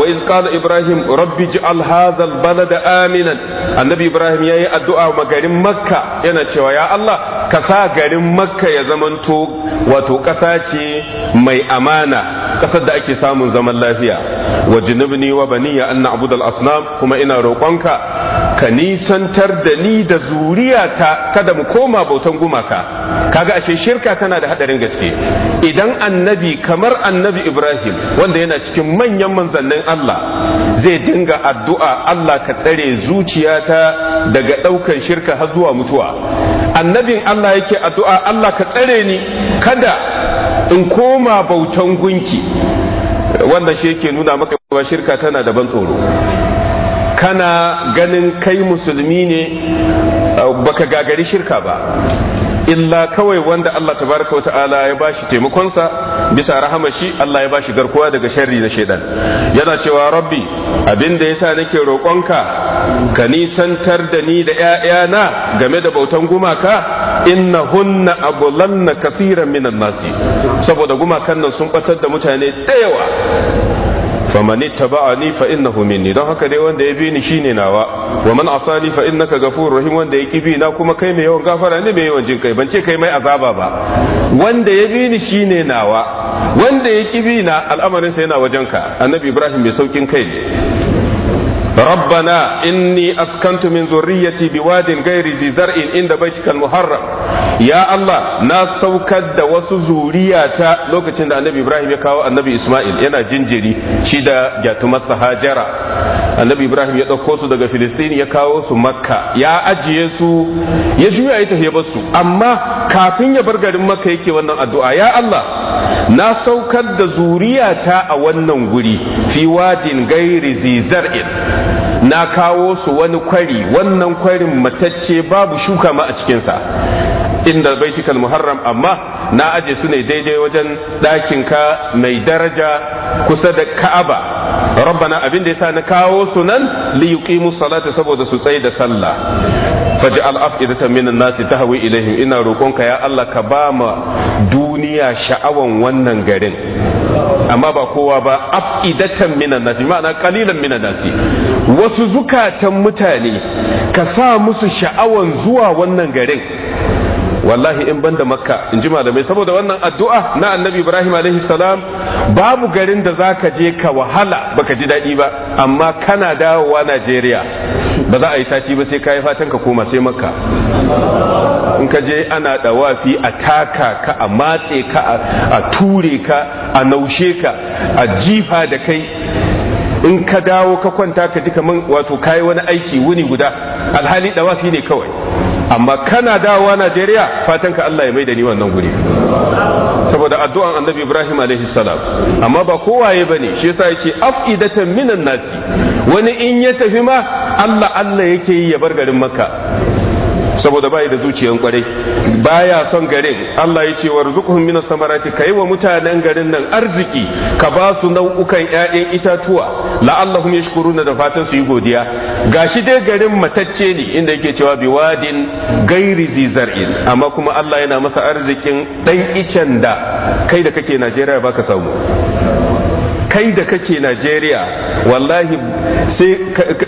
wa iz qala ibrahim rabbi ij'al hadha balada Amina annabi Ibrahim yayi addu'a ma garin Makka yana cewa ya Allah ka sa garin Makka ya zamanto wato ƙasa ce mai amana ƙasar da ake samun zaman lafiya wa jinibni wa baniya anna abudal asnam kuma ina roƙonka ka nisantar da ni da zuriyata kada mu koma bautan gumaka kaga ashe shirka tana da hadarin gaske idan annabi kamar annabi Ibrahim wanda yana cikin manyan manzannin Allah zai dinga addu'a Allah ka tsare zuciyata daga ɗaukan shirka har zuwa mutuwa annabin Allah yake addu'a Allah ka tsare ni kada in koma bautan gunki wanda shi yake nuna maka cewa shirka tana da ban tsoro kana ganin kai musulmi ne baka gagari shirka ba illa kawai wanda Allah tabaraka wa ta'ala ya bashi taimakonsa bisa rahmar shi Allah ya bashi garkuwa daga sharri na shaidan yana cewa rabbi abinda yasa nake roƙonka ka nisantar da ni da ƴaƴana game da bautan gumaka innahunna abulanna kaseeran minan nasi saboda gumakan nan sun batar da mutane da yawa faman ittaba'ani fa innahu minni don haka dai wanda ya bi ni shine nawa wa man asani fa innaka ghafurur rahim wanda ya kibi na kuma kai mai yawan gafara ne mai yawan jin kai ban ce kai mai azaba ba wanda ya bi ni shine nawa wanda ya kibi na al'amarin sa yana wajenka annabi ibrahim mai saukin kai ne ربنا إني أسكنت من ذريتي بواد غير ذي inda عند بيتك المحرم يا الله نا سوكد da wasu zuriya lokacin da annabi Ibrahim ya kawo annabi Ismail yana jinjiri shida da Hajara annabi Ibrahim ya ɗauko su daga Filistin ya kawo su Makka ya ajiye su ya juya ya tafi bar amma kafin ya bar garin Makka yake wannan addu'a ya Allah na saukar da zuriyata a wannan guri fi wadin gairi zizar'in na kawo su wani kwari wannan kwarin matacce babu shuka ma a cikinsa inda baitikal muharram amma na aje su ne daidai wajen ɗakinka mai daraja kusa da ka'aba rabbana abin da yasa na kawo su nan li yuqimu salata saboda su tsaye da sallah faj'al af'idatan minan nasi tahwi ilaihim ina roƙonka ya Allah ka ba ma duniya sha'awan wannan garin amma ba kowa ba afidatan minan nasi ma'ana kalilan minan nasi wasu zukatan mutane ka sa musu sha'awan zuwa wannan garin wallahi in banda makka in ji malamai saboda wannan addu'a na annabi ibrahim alaihi salam babu garin da zaka je ka wahala baka ji daɗi ba amma kana dawowa najeriya ba za a yi sati ba sai ka yi fatan ka koma sai makka in ka je ana ɗawafi a taka ka a matse ka a ture ka a naushe ka a jifa da kai in ka dawo ka kwanta ka ji kaman wato kayi wani aiki wuni guda alhali dawafi ne kawai amma kana dawowa Najeriya fatan ka Allah ya mai da ni wannan guri saboda addu'an annabi Ibrahim alaihi salam amma ba kowaye bane shi yasa yace afidatan minan nasi wani in ya tafi ma Allah Allah yake yi ya bar garin Makka saboda bai da zuciyan kwarai baya son garin Allah ya ce warzuqhum minas samarati kai wa mutanen garin nan arziki ka ba su nau'ukan ƴaƴan itatuwa la'allahum yashkuruna da fatan su yi godiya gashi dai garin matacce ne inda yake cewa biwadin gairi zizar'in amma kuma Allah yana masa arzikin dan icen da kai da kake Najeriya baka samu kai da kake Najeriya wallahi sai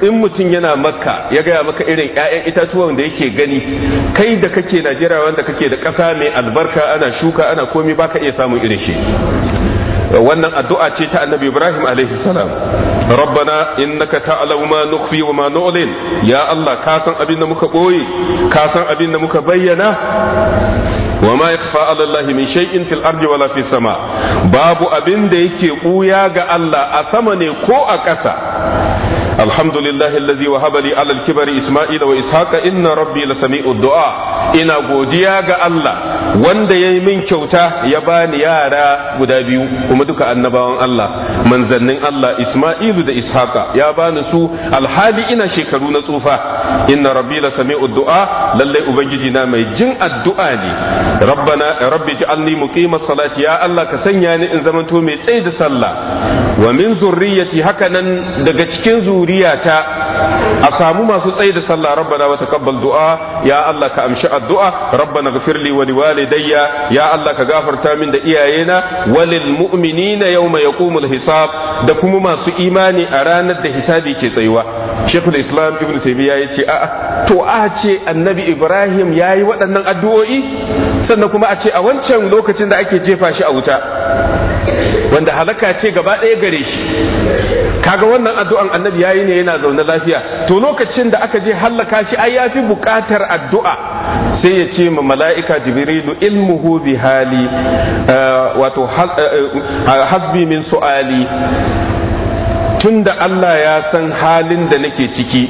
in mutum yana makka ya gaya maka irin 'ya'yan itatuwan da yake gani kai da kake Najeriya wanda kake da ƙasa mai albarka ana shuka ana komai, baka iya samun irin shi wannan addu'a ce ta annabi Ibrahim alaihi salam rabbana innaka ta'lamu ma nukhfi wa ma nu'lin ya Allah ka san abin da muka boye ka san abin da muka bayyana wa ma yakhfa Allah min shay'in fil wala fis sama babu abin da yake buya ga Allah a sama ne ko a ƙasa الحمد لله الذي وهب لي على الكبر إسماعيل وإسحاق إن ربي لسميع الدعاء إنا غوديا ga Allah wanda yayi min kyauta ya bani yara guda biyu kuma duka annabawan Allah manzannin Allah Isma'ilu da Ishaqa ya bani su alhali ina shekaru na tsufa inna rabbi lasami'u du'a lalle ubangiji na mai jin addu'a ne rabbana rabbi ja'alni muqima salati ya Allah ka sanya ni in zamanto mai tsayi da sallah wa min zurriyyati nan daga cikin zuri zuriyata a samu masu tsaye da sallah rabbana wa taqabbal du'a ya Allah ka amshi addu'a rabbana ghfirli wa liwalidayya ya Allah ka gafarta min da iyayena walil mu'minina yawma yaqumul hisab da kuma masu imani a ranar da hisabi ke tsayuwa shekul islam ibn taymiya ya ce a'a to a ce annabi ibrahim ya yi waɗannan addu'o'i sannan kuma a ce a wancan lokacin da ake jefa shi a wuta wanda halaka ce gaba ɗaya gare shi kaga wannan addu'an annabi yayi ne yana zaune lafiya to lokacin da aka je halaka shi ai yafi buƙatar addu'a sai ya ce ma mala'ika jibrilu ilmuhu bi hali eh, wato eh, eh, hasbi min su'ali tunda Allah ya san halin da nake ciki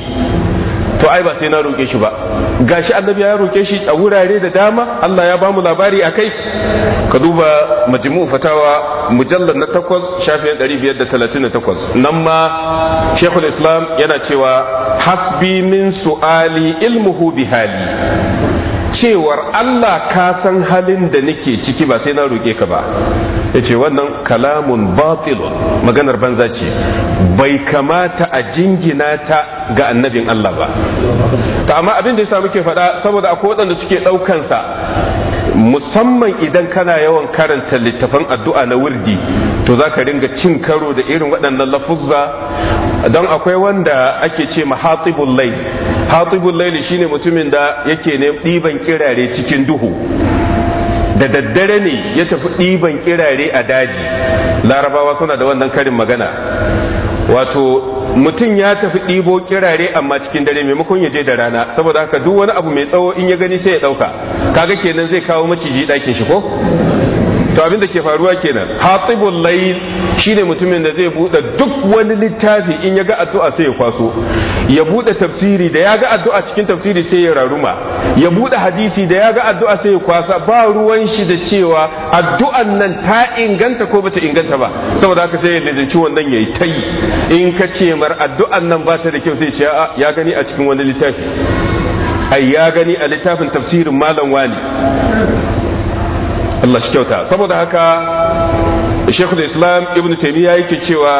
to ai ba sai na roke shi ba gashi annabi ya roke shi a wurare da dama Allah ya bamu labari akai ka duba majmu fatawa mujallad na 8 shafin 538 nan ma shekul islam yana cewa hasbi min su'ali ilmuhu bihali cewar Allah ka san halin da nake ciki ba sai na roƙe ka ba yace wannan kalamun batilun maganar banza ce bai kamata a jingina ta ga annabin Allah ba ta amma abin da yasa muke faɗa saboda akwai waɗanda suke ɗaukansa musamman idan kana yawan karanta littafan addu'a na wurdi to za ka ringa cin karo da irin waɗannan lafuzza don akwai wanda ake ce ma hatibul lail hatibul lail shine mutumin da yake ne ɗiban kirare cikin duhu da daddare ne ya tafi ɗiban kirare a daji larabawa suna da wannan karin magana wato mutum ya tafi ɗibo kirare amma cikin dare maimakon ya je da rana saboda haka duk wani abu mai tsawo in ya gani sai ya ɗauka kaga kenan zai kawo maciji ɗakin shi ko to abin da ke faruwa kenan hatibul layl shine mutumin da zai bude duk wani littafi in ya ga addu'a sai ya kwaso ya bude tafsiri da ya ga addu'a cikin tafsiri sai ya raruma ya bude hadisi da ya ga addu'a sai ya kwasa ba ruwan shi da cewa addu'an nan ta inganta ko bata inganta ba saboda haka sai ya ci wannan yayi tai in ka ce mar addu'an nan ba ta da kyau sai ya gani a cikin wani littafi ai ya gani a littafin tafsirin malam wani Allah shi kyauta saboda haka Sheikhul Islam Ibn Taymiyyah yake cewa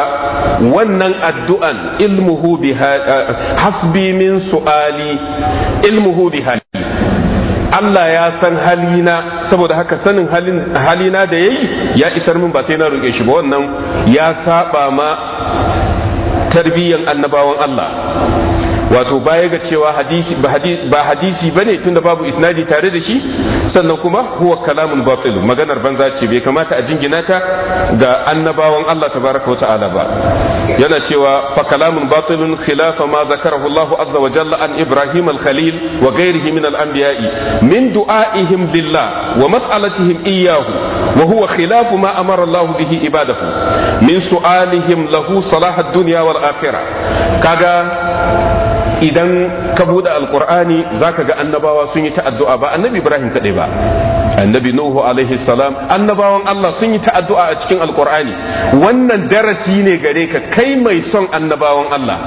wannan addu'an ilmuhu biha hasbi min su'ali ilmuhu biha Allah ya san halina saboda haka sanin halina da yayi ya isar min ba sai na roƙe shi ba wannan ya saba ma tarbiyyan annabawan Allah wato baya ga cewa hadisi ba hadisi bane tunda babu isnadi tare da shi sannan kuma huwa kalamun batil maganar banza ce bai kamata a jingina ta ga annabawan Allah tabaraka wa ta'ala ba yana cewa fa kalamun batilun khilafa ma zakarahu Allah azza wa jalla an Ibrahim al-Khalil wa ghairihi min al-anbiya'i min du'aihim lillah wa mas'alatihim iyyahu wa huwa khilafu ma amara Allah bihi ibadahu min su'alihim lahu salah ad-dunya wal akhirah kaga idan ka buɗe alkur'ani zaka ga annabawa sun yi ta addu'a ba annabi ibrahim kaɗai ba annabi nuhu alaihi salam annabawan allah sun yi ta addu'a a cikin alkur'ani wannan darasi ne gare ka kai mai son annabawan allah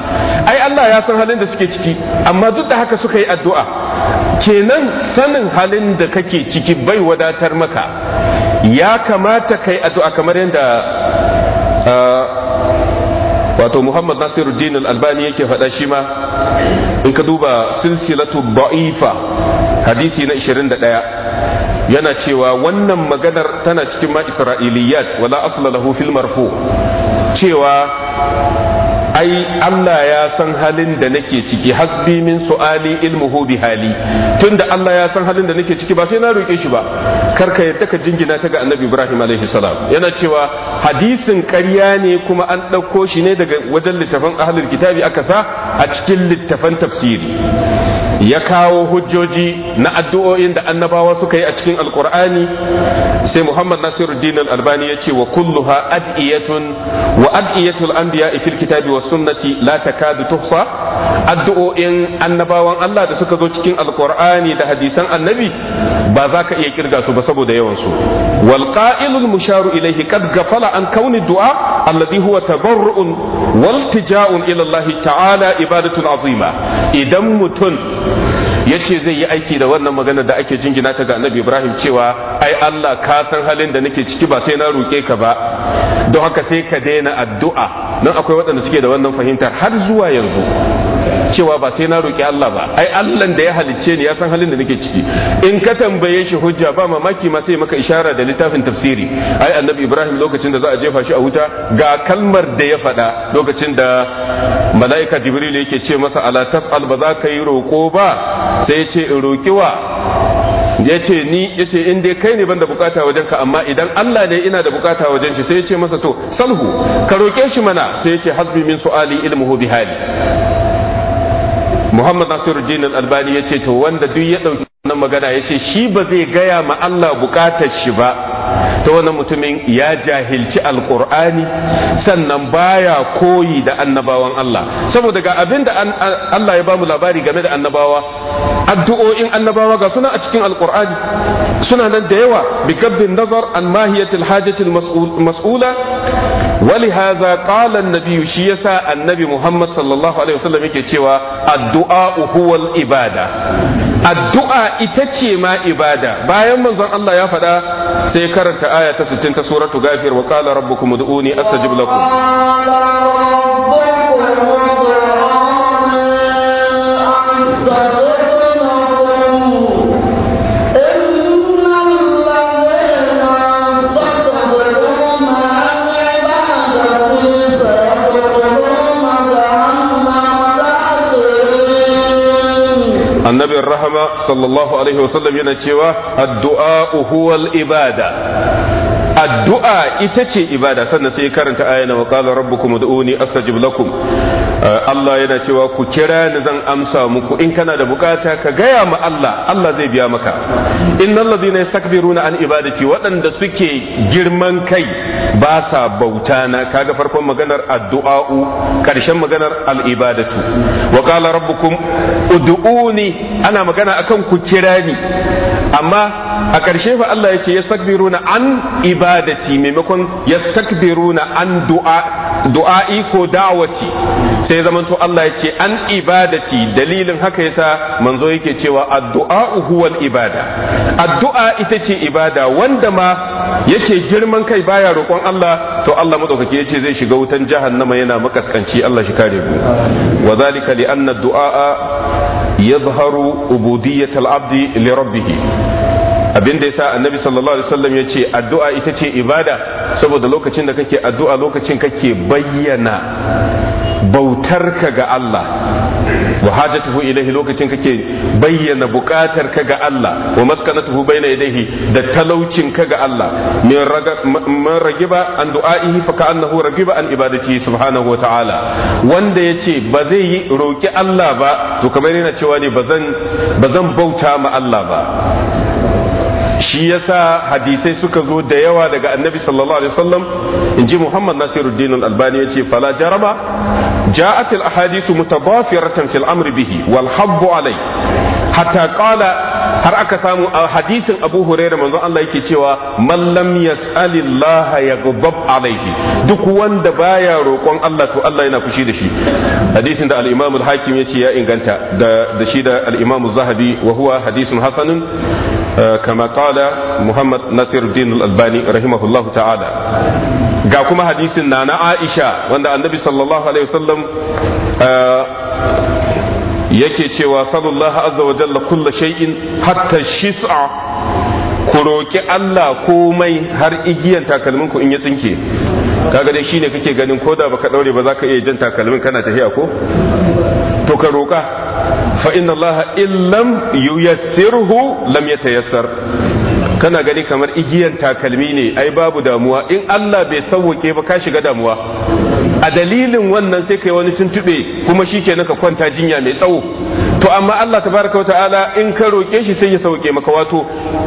ai allah ya san halin da suke ciki amma duk da haka suka yi addu'a kenan sanin halin da kake ciki bai wadatar maka ya kamata kai addu'a kamar yadda uh, wato muhammad nasiruddin al-albani yake faɗa shi ma in ka duba silsilatu da'ifa hadisi na 21 yana cewa wannan maganar tana cikin ma isra'iliyat wala asla lahu fil marfu cewa ai Allah ya san halin da nake ciki hasbi min su'ali ilmuhu bi hali tunda Allah ya san halin da nake ciki ba sai na roke shi ba kar ka yadda ka jingina ta ga Annabi Ibrahim alaihi salam yana cewa hadisin ƙarya ne kuma an ɗauko shi ne daga wajen littafan ahlul kitabi aka sa a cikin littafan tafsiri ya kawo hujjoji na addu'o'in da annabawa suka yi a cikin alkur'ani sai muhammad nasiruddin albani ya ce wa kullu ad'iyatun wa ad'iyatul anbiya fil kitabi wa sunnati la takadu tuhsa addu'o'in annabawan Allah da suka zo cikin alkur'ani da hadisan annabi ba za ka iya kirga su ba saboda yawan su wal qa'ilul musharu ilayhi kad ghafala an kauni du'a alladhi huwa tabarru'un wal tija'un ila Allah ta'ala ibadatun azima idan mutun ya ce zai yi aiki da wannan magana da ake jingina ta ga annabi ibrahim cewa ai allah ka san halin da nake ciki ba sai na ruke ka ba don haka sai ka daina addu'a don akwai waɗanda suke da wannan fahimtar har zuwa yanzu cewa ba sai na roki Allah ba ai Allah da ya halicce ni ya san halin da nake ciki in ka tambaye shi hujja ba mamaki ma sai maka ishara da littafin tafsiri ai annabi Ibrahim lokacin da za a jefa shi a wuta ga kalmar da ya faɗa lokacin da mala'ika Jibril yake ce masa ala tas'al ba za ka yi roko ba sai ya ce in roki wa ya ni ya ce in dai kai ne ban da bukata wajen ka amma idan Allah ne ina da bukata wajen shi sai ya ce masa to salhu ka roke shi mana sai ya ce hasbi min su'ali ilmuhu bihali hali Muhammad Nasiruddin Al-Albani ce, to wanda duk ya ɗauki wannan magana ya ce, shi ba zai gaya ma Allah bukatar shi ba ta wani mutumin ya jahilci alkur'ani sannan baya koyi da annabawan Allah saboda ga abin da Allah ya bamu labari game da annabawa addu'o'in annabawa ga suna a cikin alkur'ani suna nan da yawa bi gabbin nazar an mahiyatul hajatil mas'ula ولهذا قال النبي شيسا النبي annabi muhammad الله عليه وسلم yake cewa addu'a huwal ibada addu'a ita ce ma ibada bayan manzon Allah ya faɗa sai karanta aya ta 60 ta suratu gafir wa qala rabbukum ud'uni astajib lakum annabin rahama sallallahu alaihi wasallam yana cewa addu'a huwal ibada addu'a ita ce ibada sannan sai karanta ayana wa qala rabbukum ud'uni astajib lakum Eh, Allah yana cewa ku kira ni zan amsa muku in kana da bukata ka gaya ma Allah Allah zai biya maka innal sakbiru yastakbiruna an ibadati waɗanda suke girman kai ba sa bauta na kaga farkon maganar addu'a'u ƙarshen maganar al'ibadatu wa qala rabbukum ud'uni ana magana akan ku kira ni amma a ƙarshe fa Allah ya ce ya na an ibadati maimakon ya na an du'a du'a'i ko dawaci sai zamanto Allah ya ce an ibadati dalilin haka yasa manzo yake cewa addu'a huwal ibada addu'a ita ce ibada wanda ma yake girman kai baya roƙon Allah to Allah ya ce zai shiga wutan jahannama yana makaskanci Allah shi kare mu wa zalika li anna du'a yadhharu ubudiyyat abdi li rabbih abin da yasa annabi sallallahu alaihi wasallam ya ce addu'a ita ce ibada saboda lokacin da kake addu'a lokacin kake bayyana bautarka ga Allah wa hajatuhu ilaihi lokacin kake bayyana bukatar ka ga Allah wa maskanatuhu baina yadayhi da talaucin ka ga Allah min ragiba an du'aihi fa ka'annahu ragiba an ibadati subhanahu wa ta'ala wanda yace ba zai yi roki Allah ba to kamar yana cewa ne bazan bazan bauta ma Allah ba shi yasa hadisai suka zo da yawa daga annabi sallallahu alaihi wasallam in ji muhammad nasiruddin albani yace fala jaraba ja'at al-ahadith mutabasiratan fil amri bihi wal habbu alai hatta qala har aka samu a hadisin abu huraira manzo. Allah yake cewa man lam yas'alillah yaghdab alaihi duk wanda baya roƙon Allah to Allah yana fushi da shi hadisin da al-imam al-hakim yace ya inganta da shi da al-imam az-zahabi wa huwa hadisun hasanun Eh, kama qala muhammad din al-albani rahimahullahu ta'ala ga kuma hadisin na na aisha wanda annabi sallallahu alaihi wasallam eh, yake cewa sallallahu azza wa jalla kullu shay'in hatta shis'a ku roki Allah komai har igiyan takalmin ku in ya tsinke kaga dai shine kake ganin koda baka daure ba za ka iya jan takalmin kana tafiya ko to ka roka fa inna allaha illam yuyassirhu lam yatayassar kana gani kamar igiyar takalmi ne ai babu damuwa in Allah bai sauke ba ka shiga damuwa a dalilin wannan sai kai wani tuntube kuma shi ke naka kwanta jinya mai tsawo to amma Allah tabaraka wata'ala in ka roke shi sai ya sauke maka wato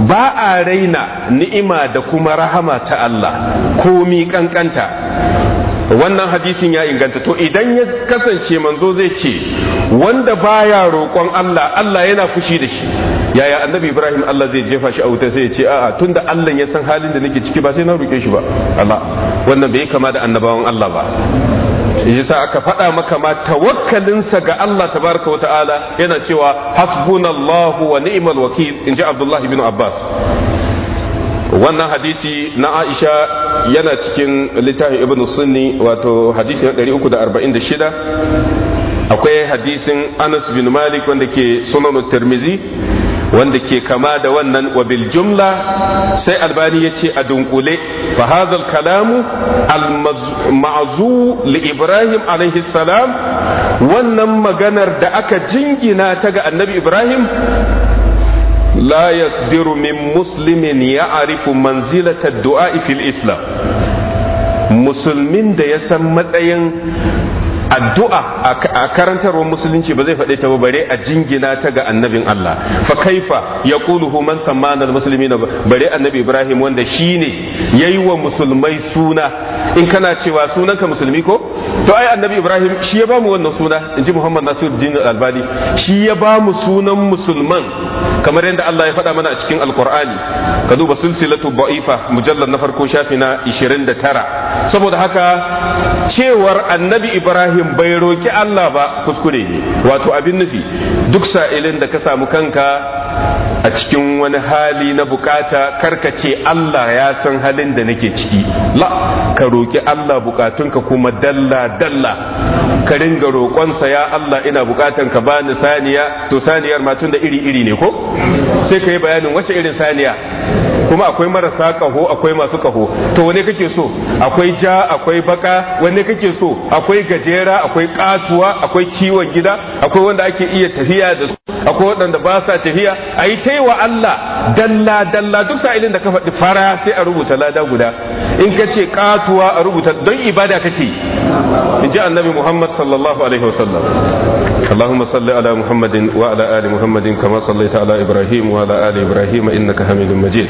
ba a raina ni'ima da kuma rahama ta Allah komi ƙanƙanta. wannan hadisin ya inganta to idan ya kasance manzo zai ce wanda baya roƙon Allah Allah yana fushi da shi yaya annabi Ibrahim Allah zai jefa shi a wuta sai ya ce a'a tunda Allah ya san halin da nake ciki ba sai na roƙe shi ba Allah wannan bai kama da annabawan Allah ba yasa aka faɗa maka ma tawakkalinsa ga Allah tabaraka wata'ala yana cewa hasbunallahu wa ni'mal wakil inji abdullahi ibn Abbas wannan hadisi na aisha yana cikin littafin ibn sunni wato hadisi na 346 akwai hadisin anas bin malik wanda ke sunan tirmizi wanda ke kama da wannan wabil jumla sai albani ya ce a dunkule fa hadhal kalamu al ma'zu li ibrahim alaihi salam wannan maganar da aka jingina ta ga annabi ibrahim لا يصدر من مسلم يعرف منزلة الدعاء في الإسلام مسلمين ده يسمى addu'a a karantarwar musulunci ba zai faɗe ta ba bare a jingina ta ga annabin Allah fa kaifa ya kuluhu man samana musulmi na bare annabi Ibrahim wanda shi ne wa musulmai suna in kana cewa sunanka musulmi ko to ai annabi Ibrahim shi ya bamu wannan suna inji Muhammad Nasiruddin Albani shi ya bamu sunan musulman kamar yadda Allah ya faɗa mana a cikin Alkur'ani ka duba silsilatu ba'ifa mujallar na farko shafi na 29 saboda haka cewar annabi Ibrahim ibrahim bai roki allah ba kuskure ne wato abin nufi duk sa'ilin da ka samu kanka a cikin wani hali na bukata ce allah ya san halin da nake ciki la ka roki allah bukatunka kuma dalla dalla ka ringa roƙonsa ya allah ina bukatan ka bani saniya to saniyar ma tun da iri iri ne ko sai ka yi bayanin wace irin saniya kuma akwai marasa kaho akwai masu kaho to wane kake so akwai ja akwai baka wane kake so akwai gajera akwai katuwa akwai kiwon gida akwai wanda ake iya tafiya da su akwai waɗanda ba sa tafiya a yi ta wa Allah dalla dalla duk sa'ilin da ka faɗi fara sai a rubuta lada guda in ka ce katuwa a rubuta don ibada kake in ji annabi Muhammad sallallahu alaihi wasallam اللهم صل على محمد وعلى آل محمد كما صليت على إبراهيم وعلى آل إبراهيم إنك حميد مجيد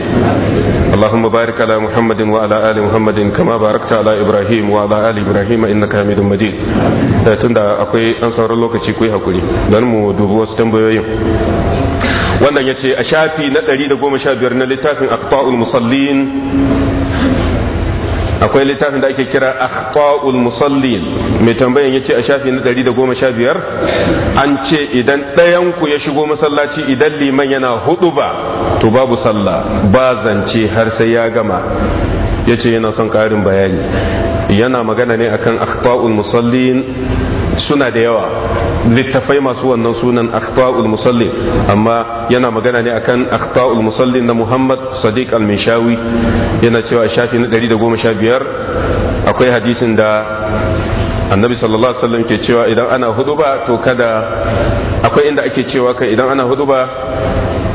اللهم بارك على محمد وعلى آل محمد كما باركت على إبراهيم وعلى آل إبراهيم حميد مجيد eh, akwai an sauran lokaci ku hakuri don mu dubi wasu tambayoyin wannan ya ce a shafi na 115 na littafin aqta'ul musallin akwai littafin da ake kira akhta'ul musallin mai tambayan yace a shafi na 115 an ce idan ɗayan ku ya shigo masallaci idan liman yana hudu ba to babu sallah ba zance har sai ya gama ya ce yana son ƙarin bayani yana magana ne akan akhta'ul musallin suna da yawa littafai masu wannan sunan akhta'ul musallin amma yana magana ne akan akhta'ul musallin na Muhammad Sadiq al-Mishawi yana cewa shafi na 115 akwai hadisin da annabi sallallahu alaihi wasallam ke cewa idan ana huduba to kada akwai inda ake cewa kai idan ana huduba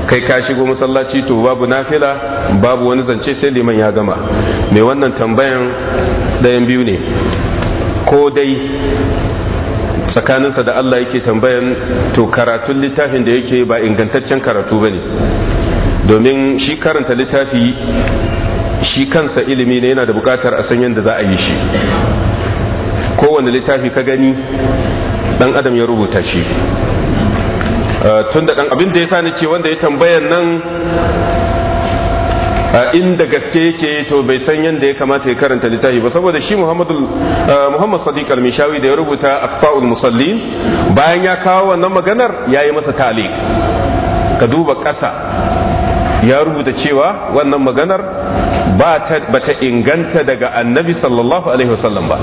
kai ka shigo masallaci to babu nafila babu wani zance sai liman ya gama mai wannan tambayan ɗayan biyu ne ko dai tsakaninsa da Allah yake tambayan to karatun littafin da yake ba ingantaccen karatu ba ne domin shi karanta littafi shi kansa ilimi ne yana da bukatar a san yadda za a yi shi kowane littafi ka gani dan adam ya rubuta shi Eh, tun da ɗan abin da ya sa ce wanda ya tambayan nan eh, inda gaske yake to bai san yadda ya kamata ya karanta littafi ba saboda shi eh, muhammad sadiq al-mishawi da ya rubuta akhtaul musallin bayan ya kawo wannan maganar ya yi masa talik ka duba ƙasa ya rubuta cewa wannan maganar ba ta inganta daga annabi sallallahu alaihi wasallam ba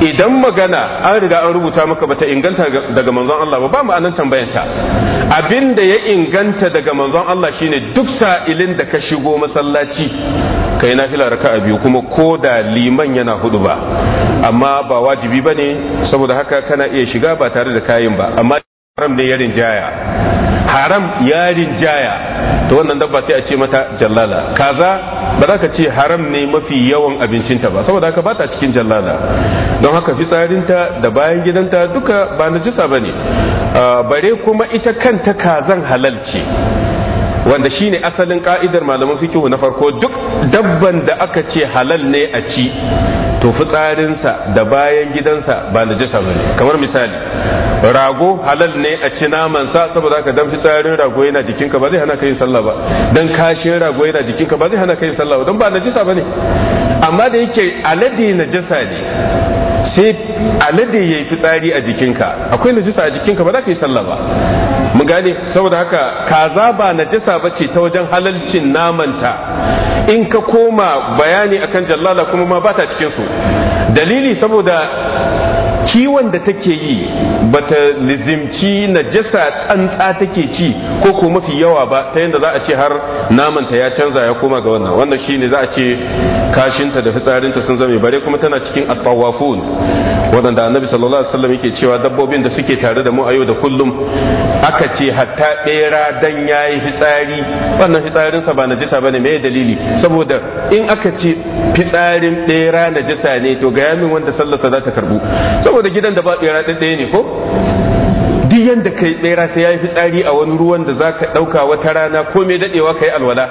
idan magana an riga an rubuta maka ba ta inganta daga manzon Allah ba ba ma'anan tambayanta abin da ya inganta daga manzon Allah shine duk sa'ilin da ka shigo masallaci kai ka a biyu kuma ko da liman yana hudu ba amma ba wajibi bane saboda haka kana iya shiga ba tare da kayan ba amma haram ne ya rinjaya haram ya rinjaya to wannan dabba sai a ce mata jallala kaza ba za ka ce haram ne mafi yawan abincinta ba saboda haka bata cikin jallala don haka fitsarinta da bayan gidanta duka ba najisa ba ne ah, bare kuma ita kanta kazan halal ce wanda shine asalin ka'idar malaman fikihu na farko duk dabban da aka ce halal ne a ci to fitsarinsa da bayan gidansa ba ba bane kamar misali rago halal ne a ci naman sa saboda haka dan fitsarin rago yana jikinka ba zai hana ka sallah ba dan kashin rago yana jikinka ba zai hana ka sallah ba dan ba ba bane amma da yake alade jisa ne sai alade ya yayi fitsari a jikinka akwai najisa a jikinka ba za ka yi sallah ba mu gane saboda haka kaza ba najasa ce ta wajen halalcin namanta in ka koma bayani akan jallala kuma ma ba ta cikinsu dalili saboda kiwon da take yi ba ta lizimci na najasa tsantsa take ci ko ko mafi yawa ba ta yadda za a ce har namanta ya canza ya koma ga wannan wannan ne za a ce kashinta da fitsarinta sun zame bare kuma tana cikin at waɗanda annabi sallallahu alaihi wasallam yake cewa dabbobin da suke tare da mu a yau da kullum aka ce hatta dera dan yayi fitsari wannan sa ba najisa bane me dalili saboda in aka ce fitsarin na najisa ne to ga yamin wanda sallarsa za ta karbu saboda gidan da ba ɗera ɗaya ne ko duk kayi kai sa ya yi fitsari a wani ruwan da za ka ɗauka wata rana ko me dadewa yi alwala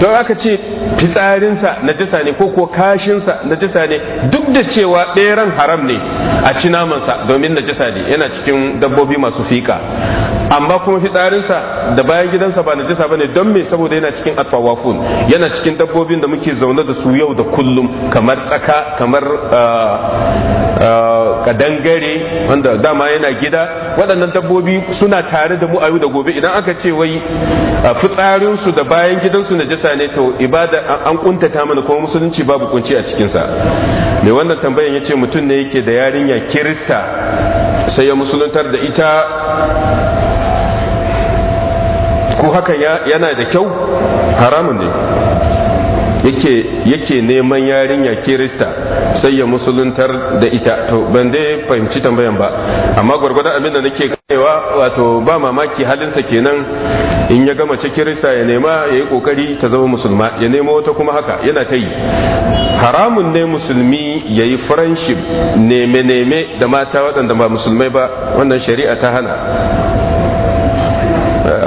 don aka ce fitsarinsa na jisa ne ko ko kashinsa na najasa ne duk da cewa beran haram ne a ci namansa domin na jisa ne yana cikin dabbobi masu fika amma kuma fitsarinsa da bayan gidansa ba na jisa ba ne don mai saboda yana cikin atawafun yana cikin dabbobin da muke zaune da su yau da kullum kamar tsaka kamar ah, ah, kadangare wanda dama yana gida waɗannan dabbobi suna tare da mu a yau da gobe idan aka ce wai fitsarinsu da bayan gidansu na jisa ne to ibada an kuntata mana kuma musulunci babu kunci a cikin sa mai wannan tambayan ya ce mutum ne yake da yarinya kirista sai ya musuluntar da ita ko haka yana da kyau haramun ne yake neman yarinya kirista sai ya musuluntar da ita to ban dai fahimci tambayan ba amma gwargwadon abin da nake kaiwa wato ba mamaki halinsa kenan in ya gama ce kirista ya nema ya yi kokari ta zama musulma ya nemo wata kuma haka yana ta yi haramun ne musulmi ya yi friendship neme-neme da mata waɗanda ba musulmai ba wannan shari'a ta hana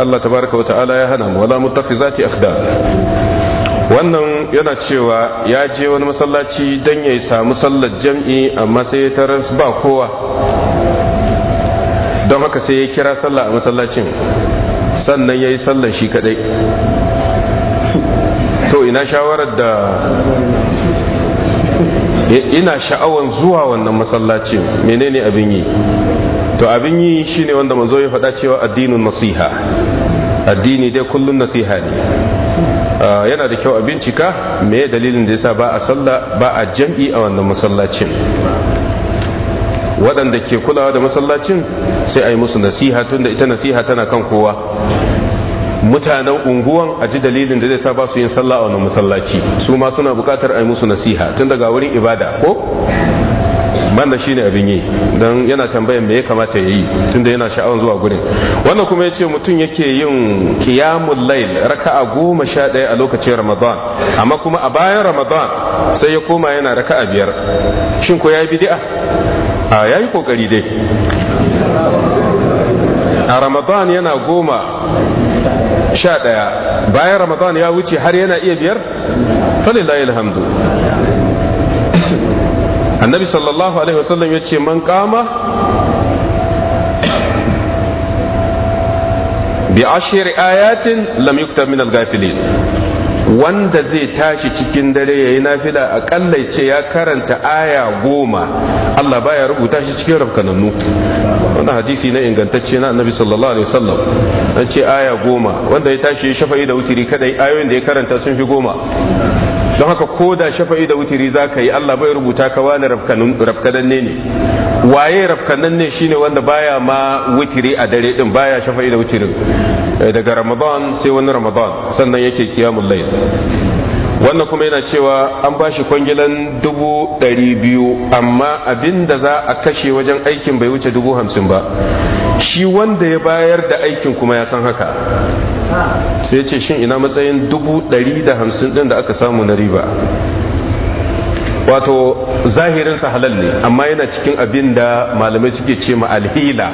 Allah tabaraka wa ta'ala ya hana mu wala mutakhizati akhdar wannan yana cewa ya je wani masallaci don ya sami sallar jam'i amma sai taras ba kowa don haka sai ya kira sallah a masallacin sannan ya yi sallar shi kadai to ina shawarar da ina sha'awan zuwa wannan masallacin menene abin yi to abin yi shine wanda mazo ya faɗa cewa addinin nasiha addini dai kullun nasiha ne Ah, yana da kyau a bincika me dalilin da yasa ba a sallah ba a jam'i a wannan masallacin waɗanda ke kulawa da masallacin sai a yi musu nasiha tunda ita nasiha tana kan kowa mutanen unguwan a ji dalilin da zai sa ba su yin sallah a wannan masallaci su ma suna buƙatar a yi musu nasiha tun daga wurin ibada ko banda shi ne abin yi don yana tambayan me ya kamata ya yi tunda yana sha'awar zuwa gurin wannan kuma ya ce mutum yake yin kiyamun lail raka'a goma sha ɗaya a lokacin ramadan amma kuma a bayan ramadan sai ya koma yana raka'a biyar shin ko ya yi bidi'a a ya yi kokari dai a ramadan yana goma sha ɗaya bayan ramadan ya wuce har yana iya biyar falilayi alhamdu annabi sallallahu alaihi wasallam ya ce man kama bi ashir ayatin lam yuktab min al-ghafilin wanda zai tashi cikin dare yayi nafila akalla ce ya karanta aya goma Allah baya rubuta shi cikin rafkanannu wannan hadisi na ingantacce na annabi sallallahu alaihi wasallam an ce aya goma wanda ya tashi ya shafa'i da wutiri kada ayoyin da ya karanta sun fi goma don haka ko da shafa'i da wutiri za ka yi Allah bai rubuta ka wani rafkananne ne waye rafkananne shine wanda baya ma wutiri a dare din baya shafa'i da wutiri eh, daga ramadan sai wani ramadan sannan yake kiyamun layl wannan kuma yana cewa an ba shi kwangilan dubu ɗari biyu amma abin da za a kashe wajen aikin bai wuce dubu hamsin ba shi wanda ya bayar da aikin kuma ya san haka sai ce shin ina matsayin dubu ɗari da hamsin ɗin da aka samu na riba wato zahirinsa halal ne amma yana cikin abin da malamai suke ce ma alhila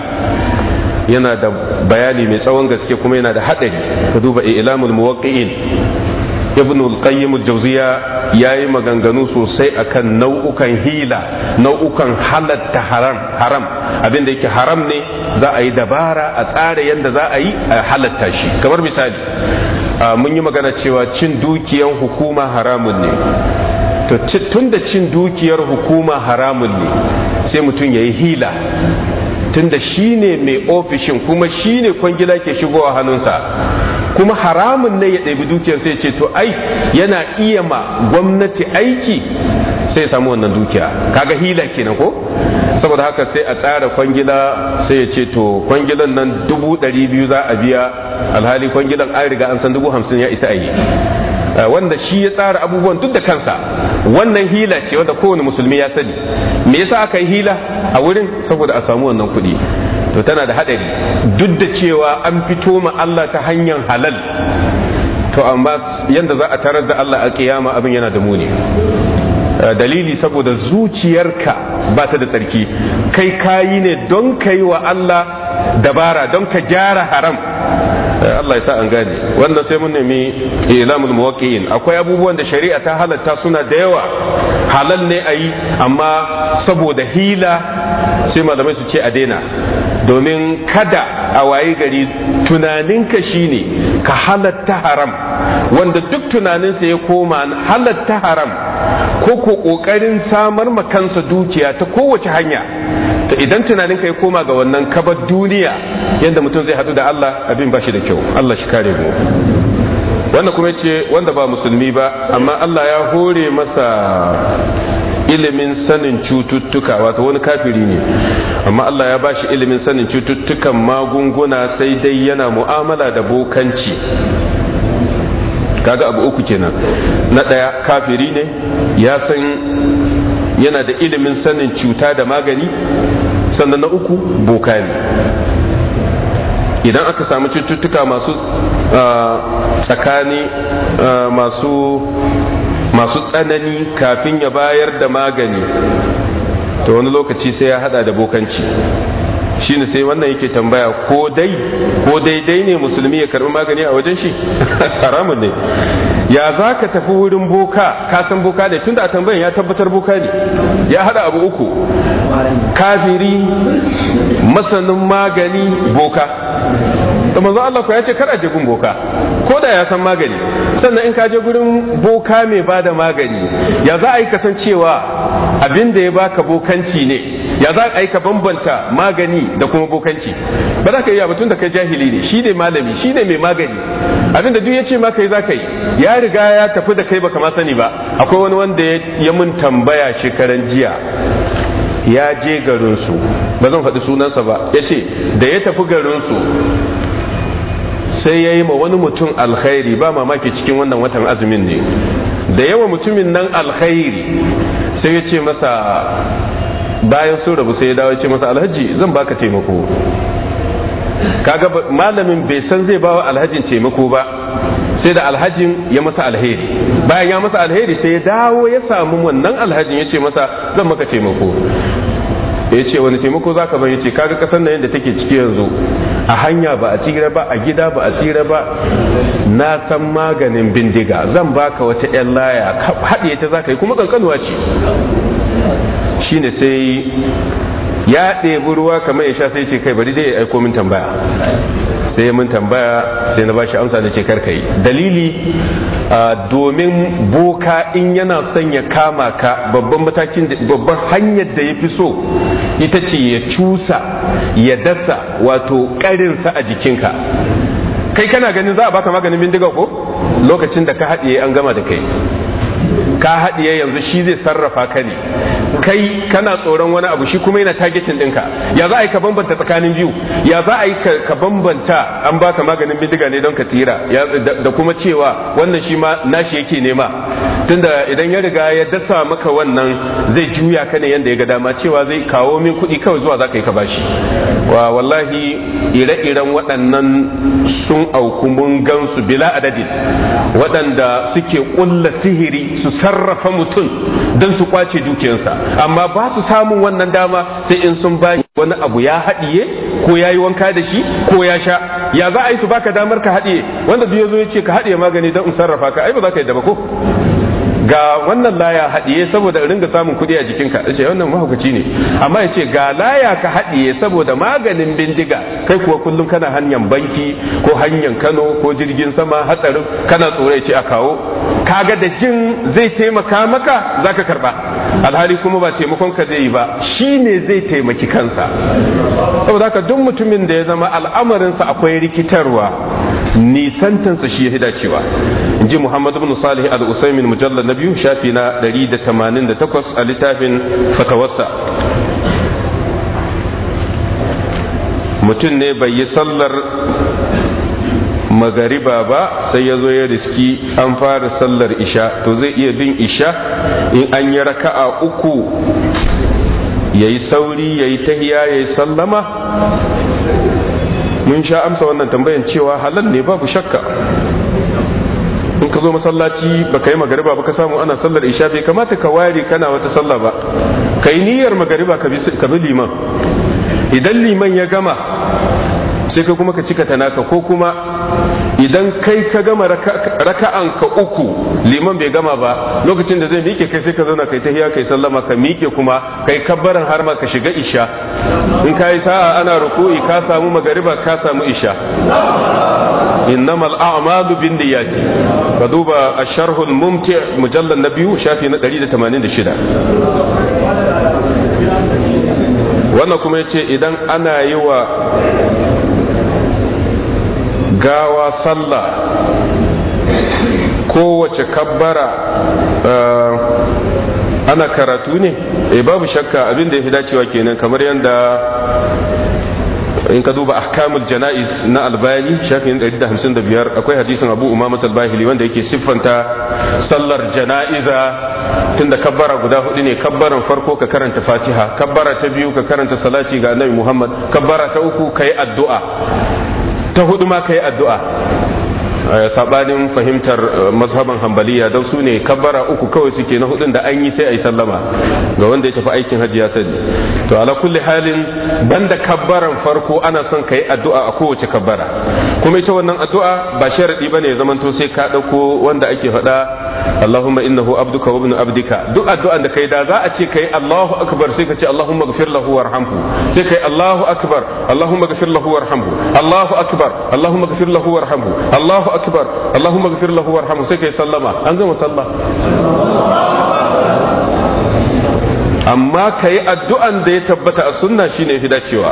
yana da bayani mai tsawon gaske kuma yana da haɗari ka duba ilamul muwaqqi'in ibn al-qayyim al-jawziya yayi maganganu sosai akan nau'ukan hila nau'ukan halatta haram haram abin da yake haram ne za a yi dabara a tsara yanda za a yi a halatta shi kamar misali mun yi magana cewa cin dukiyan hukuma haramun ne to tun da cin dukiyar hukuma haramun ne sai mutum ya yi hila tunda shi ne mai ofishin kuma shi ne kwangila ke shigowa hannunsa kuma haramun ne ya ɗabi dukiyar sai ce to ai yana iya ma gwamnati aiki sai ya samu wannan dukiya kaga hila kenan ko saboda haka sai a tsara kwangila sai ya ce to kwangilan nan dubu ɗari biyu za a biya alhali kwangilan an riga an san dubu hamsin ya isa a Eh, wanda shi ya tsara abubuwan duk da kansa wannan hila ce wanda kowane musulmi ya sani me yasa aka yi hila a wurin saboda a samu wannan kuɗi to tana da haɗari duk da cewa an fito ma Allah ta hanyar halal to amma yanda za a tarar da Allah a kiyama abin yana da muni eh, dalili saboda zuciyarka ba ta da tsarki kai kayi ne don kai wa Allah dabara don ka gyara haram Allah ya sa an gane wannan sai mun nemi ilamul muwaqqi'in akwai abubuwan da shari'a ta halatta suna da yawa halal ne ayi amma saboda hila sai malamai su ce a daina domin kada a wayi gari tunanin ka shine ka halatta haram wanda duk tunaninsa ya koma halatta haram ko ko kokarin samar ma kansa dukiya ta kowace hanya to idan tunaninka ya koma ga wannan kabar duniya yadda mutum zai hadu da Allah abin ba shi da kyau Allah shi kare mu wanda kuma ce wanda ba musulmi ba amma Allah ya hore masa ilimin sanin cututtuka wato wani kafiri ne amma Allah ya bashi ilimin sanin cututtukan magunguna sai dai yana mu'amala da bokanci kaga abu uku kenan na ɗaya kafiri ne ya san yana da ilimin sanin cuta da magani sannan na uku boka ne idan aka samu cututtuka masu ah, tsakani ah, masu tsanani kafin ya bayar da magani to wani lokaci sai ya hada da bokanci ne sai wannan yake tambaya ko dai ko daidai ne musulmi ya karbi magani a wajen shi haramun ne ya za ka tafi wurin boka ka san boka ne tunda a tambayin ya tabbatar boka ne ya hada abu uku kafiri masanin magani boka da manzo Allah ko ya ce kar a je gun boka ko da ya san magani sannan in ka je gurin boka mai bada magani ya za a yi kasancewa abin da ya baka bokanci ne ya za a aika bambanta magani da kuma bokanci ba za ka iya batun da kai jahili ne shi ne malami shi ne mai magani abin da duk ya ce ma kai za ka yi ya riga ya tafi da kai baka ma sani ba akwai wani wanda ya mun tambaya shekaran jiya ya je garinsu ba zan faɗi sunansa ba ya ce da ya tafi garinsu sai ya yi ma wani mutum alkhairi ba mamaki cikin wannan watan azumin ne da yawa mutumin nan alkhairi sai ya ce masa bayan sun rabu sai ya dawo ce masa alhaji zan baka taimako kaga malamin bai san zai bawa alhajin taimako ba sai da alhajin ya masa alheri bayan ya masa alheri sai ya dawo ya samu wannan alhajin ya ce masa zan maka taimako ya ce wani taimako za ka ya ce kaga kasar na yadda take ciki yanzu a hanya ba a tsira ba a gida ba a tsira ba na san maganin bindiga zan baka wata yan laya haɗe ta za ka yi kuma kankanuwa ce shine sai ya ɗebi ruwa kamar ya sha sai ce kai bari dai ya aiko min tambaya sai mun tambaya sai na bashi amsa na ce karkai dalili domin boka in yana son ya kama ka babban matakin babban hanyar da ya fi so ita ce ya cusa ya dasa wato karinsa a jikinka kai kana ganin za a baka maganin bindiga ko lokacin da ka haɗiye an gama da kai ka haɗiye yanzu shi zai sarrafa ka ne kai kana tsoron wani abu shi kuma yana targetin ka ya za a yi ka bambanta tsakanin biyu ya za a yi ka bambanta an baka maganin bindiga ne don ka tira da kuma cewa wannan shi ma nashi yake nema tunda idan ya riga ya dasa maka wannan zai juya ka ne yanda ya ga dama cewa zai kawo min kuɗi kawai zuwa za ka yi ka bashi wa wallahi ire-iren waɗannan sun auku mun gansu bila adadin waɗanda suke ƙulla sihiri su sarrafa mutum don su kwace dukiyarsa amma ba su samun wannan dama sai in sun ba wani abu ya haɗiye ko ya yi wanka da shi ko ya sha ya za a yi su baka damar ka haɗiye wanda duk ya zo ya ce ka haɗiye magani don in sarrafa ka ai ba za ka yi da ba ko ga wannan laya haɗiye saboda ringa samun kuɗi a jikinka ce wannan mahaukaci ne amma ya ce ga laya ka haɗiye saboda maganin bindiga kai kuwa kullum kana hanyar banki ko hanyar kano ko jirgin sama hatsarin kana tsoro ce a kawo kaga da jin zai taimaka maka za ka karba alhali kuma ba taimakon ka zai yi ba shi ne zai taimaki kansa saboda haka duk mutumin da ya zama al'amarinsa akwai rikitarwa nisantansa shi ya hida cewa in ji muhammad ibn salih al-usaimin mujallar na biyu shafi na 188 a littafin fatawarsa mutum ne bai yi sallar magariba ba sai ya zo ya riski an fara sallar isha to zai iya bin isha in an yi raka'a uku ya yi sauri ya yi tahiya ya yi sallama mun sha amsa wannan tambayan cewa halal ne babu shakka in ka zo masallaci ba yi magariba ba ka samu ana sallar isha bai kamata ka ware kana wata sallah ba ka yi niyyar magariba ka bi liman idan liman ya gama sai ka kuma ka cika tanaka ko kuma idan kai ka gama raka'an ka uku liman bai gama ba lokacin da zai miƙe kai sai ka zauna kai ta tahiya kai sallama ka miƙe kuma kai kabbaran har ma ka shiga isha in ka yi sa'a ana ruku'i ka samu magariba ka samu isha innamal a'malu bin niyyati ka duba a al-mumti mujallal na biyu shafi na 186 wannan kuma yace idan ana yi wa gawa sallah kowace kabbara eh, ana karatu ne e babu shakka abin da ya fi dacewa kenan kamar yadda in ka duba ahkamul jana'iz na albani shafin 155 akwai hadisin abu umama talbahili wanda yake siffanta sallar jana'iza tunda kabbara guda hudu ne kabbaran farko ka karanta fatiha kabbara ta biyu ka karanta salati ga annabi muhammad kabbara ta uku ka yi addu'a ta hudu ma kai addu'a eh, sabanin fahimtar eh, mazhaban hambaliya don su ne kabbara uku kawai suke na hudun da an yi sai a yi sallama ga wanda ya tafi aikin hajji ya sani to ala kulli halin banda kabbaran farko ana son ka addu'a a kowace kabbara kuma ita wannan addu'a ba sharadi bane ya zamanto sai ka ɗauko wanda ake faɗa Allahumma innahu abduka wa ibnu abdika duk addu'an da kai da za a ce kai Allahu akbar sai ka ce Allahumma lahu warhamhu sai kai Allahu akbar Allahumma lahu warhamhu Allahu akbar Allahumma lahu warhamhu Allahu akbar Allahumma lahu warhamhu sai kai sallama an addu'an da ya tabbata a sunna shine fi dacewa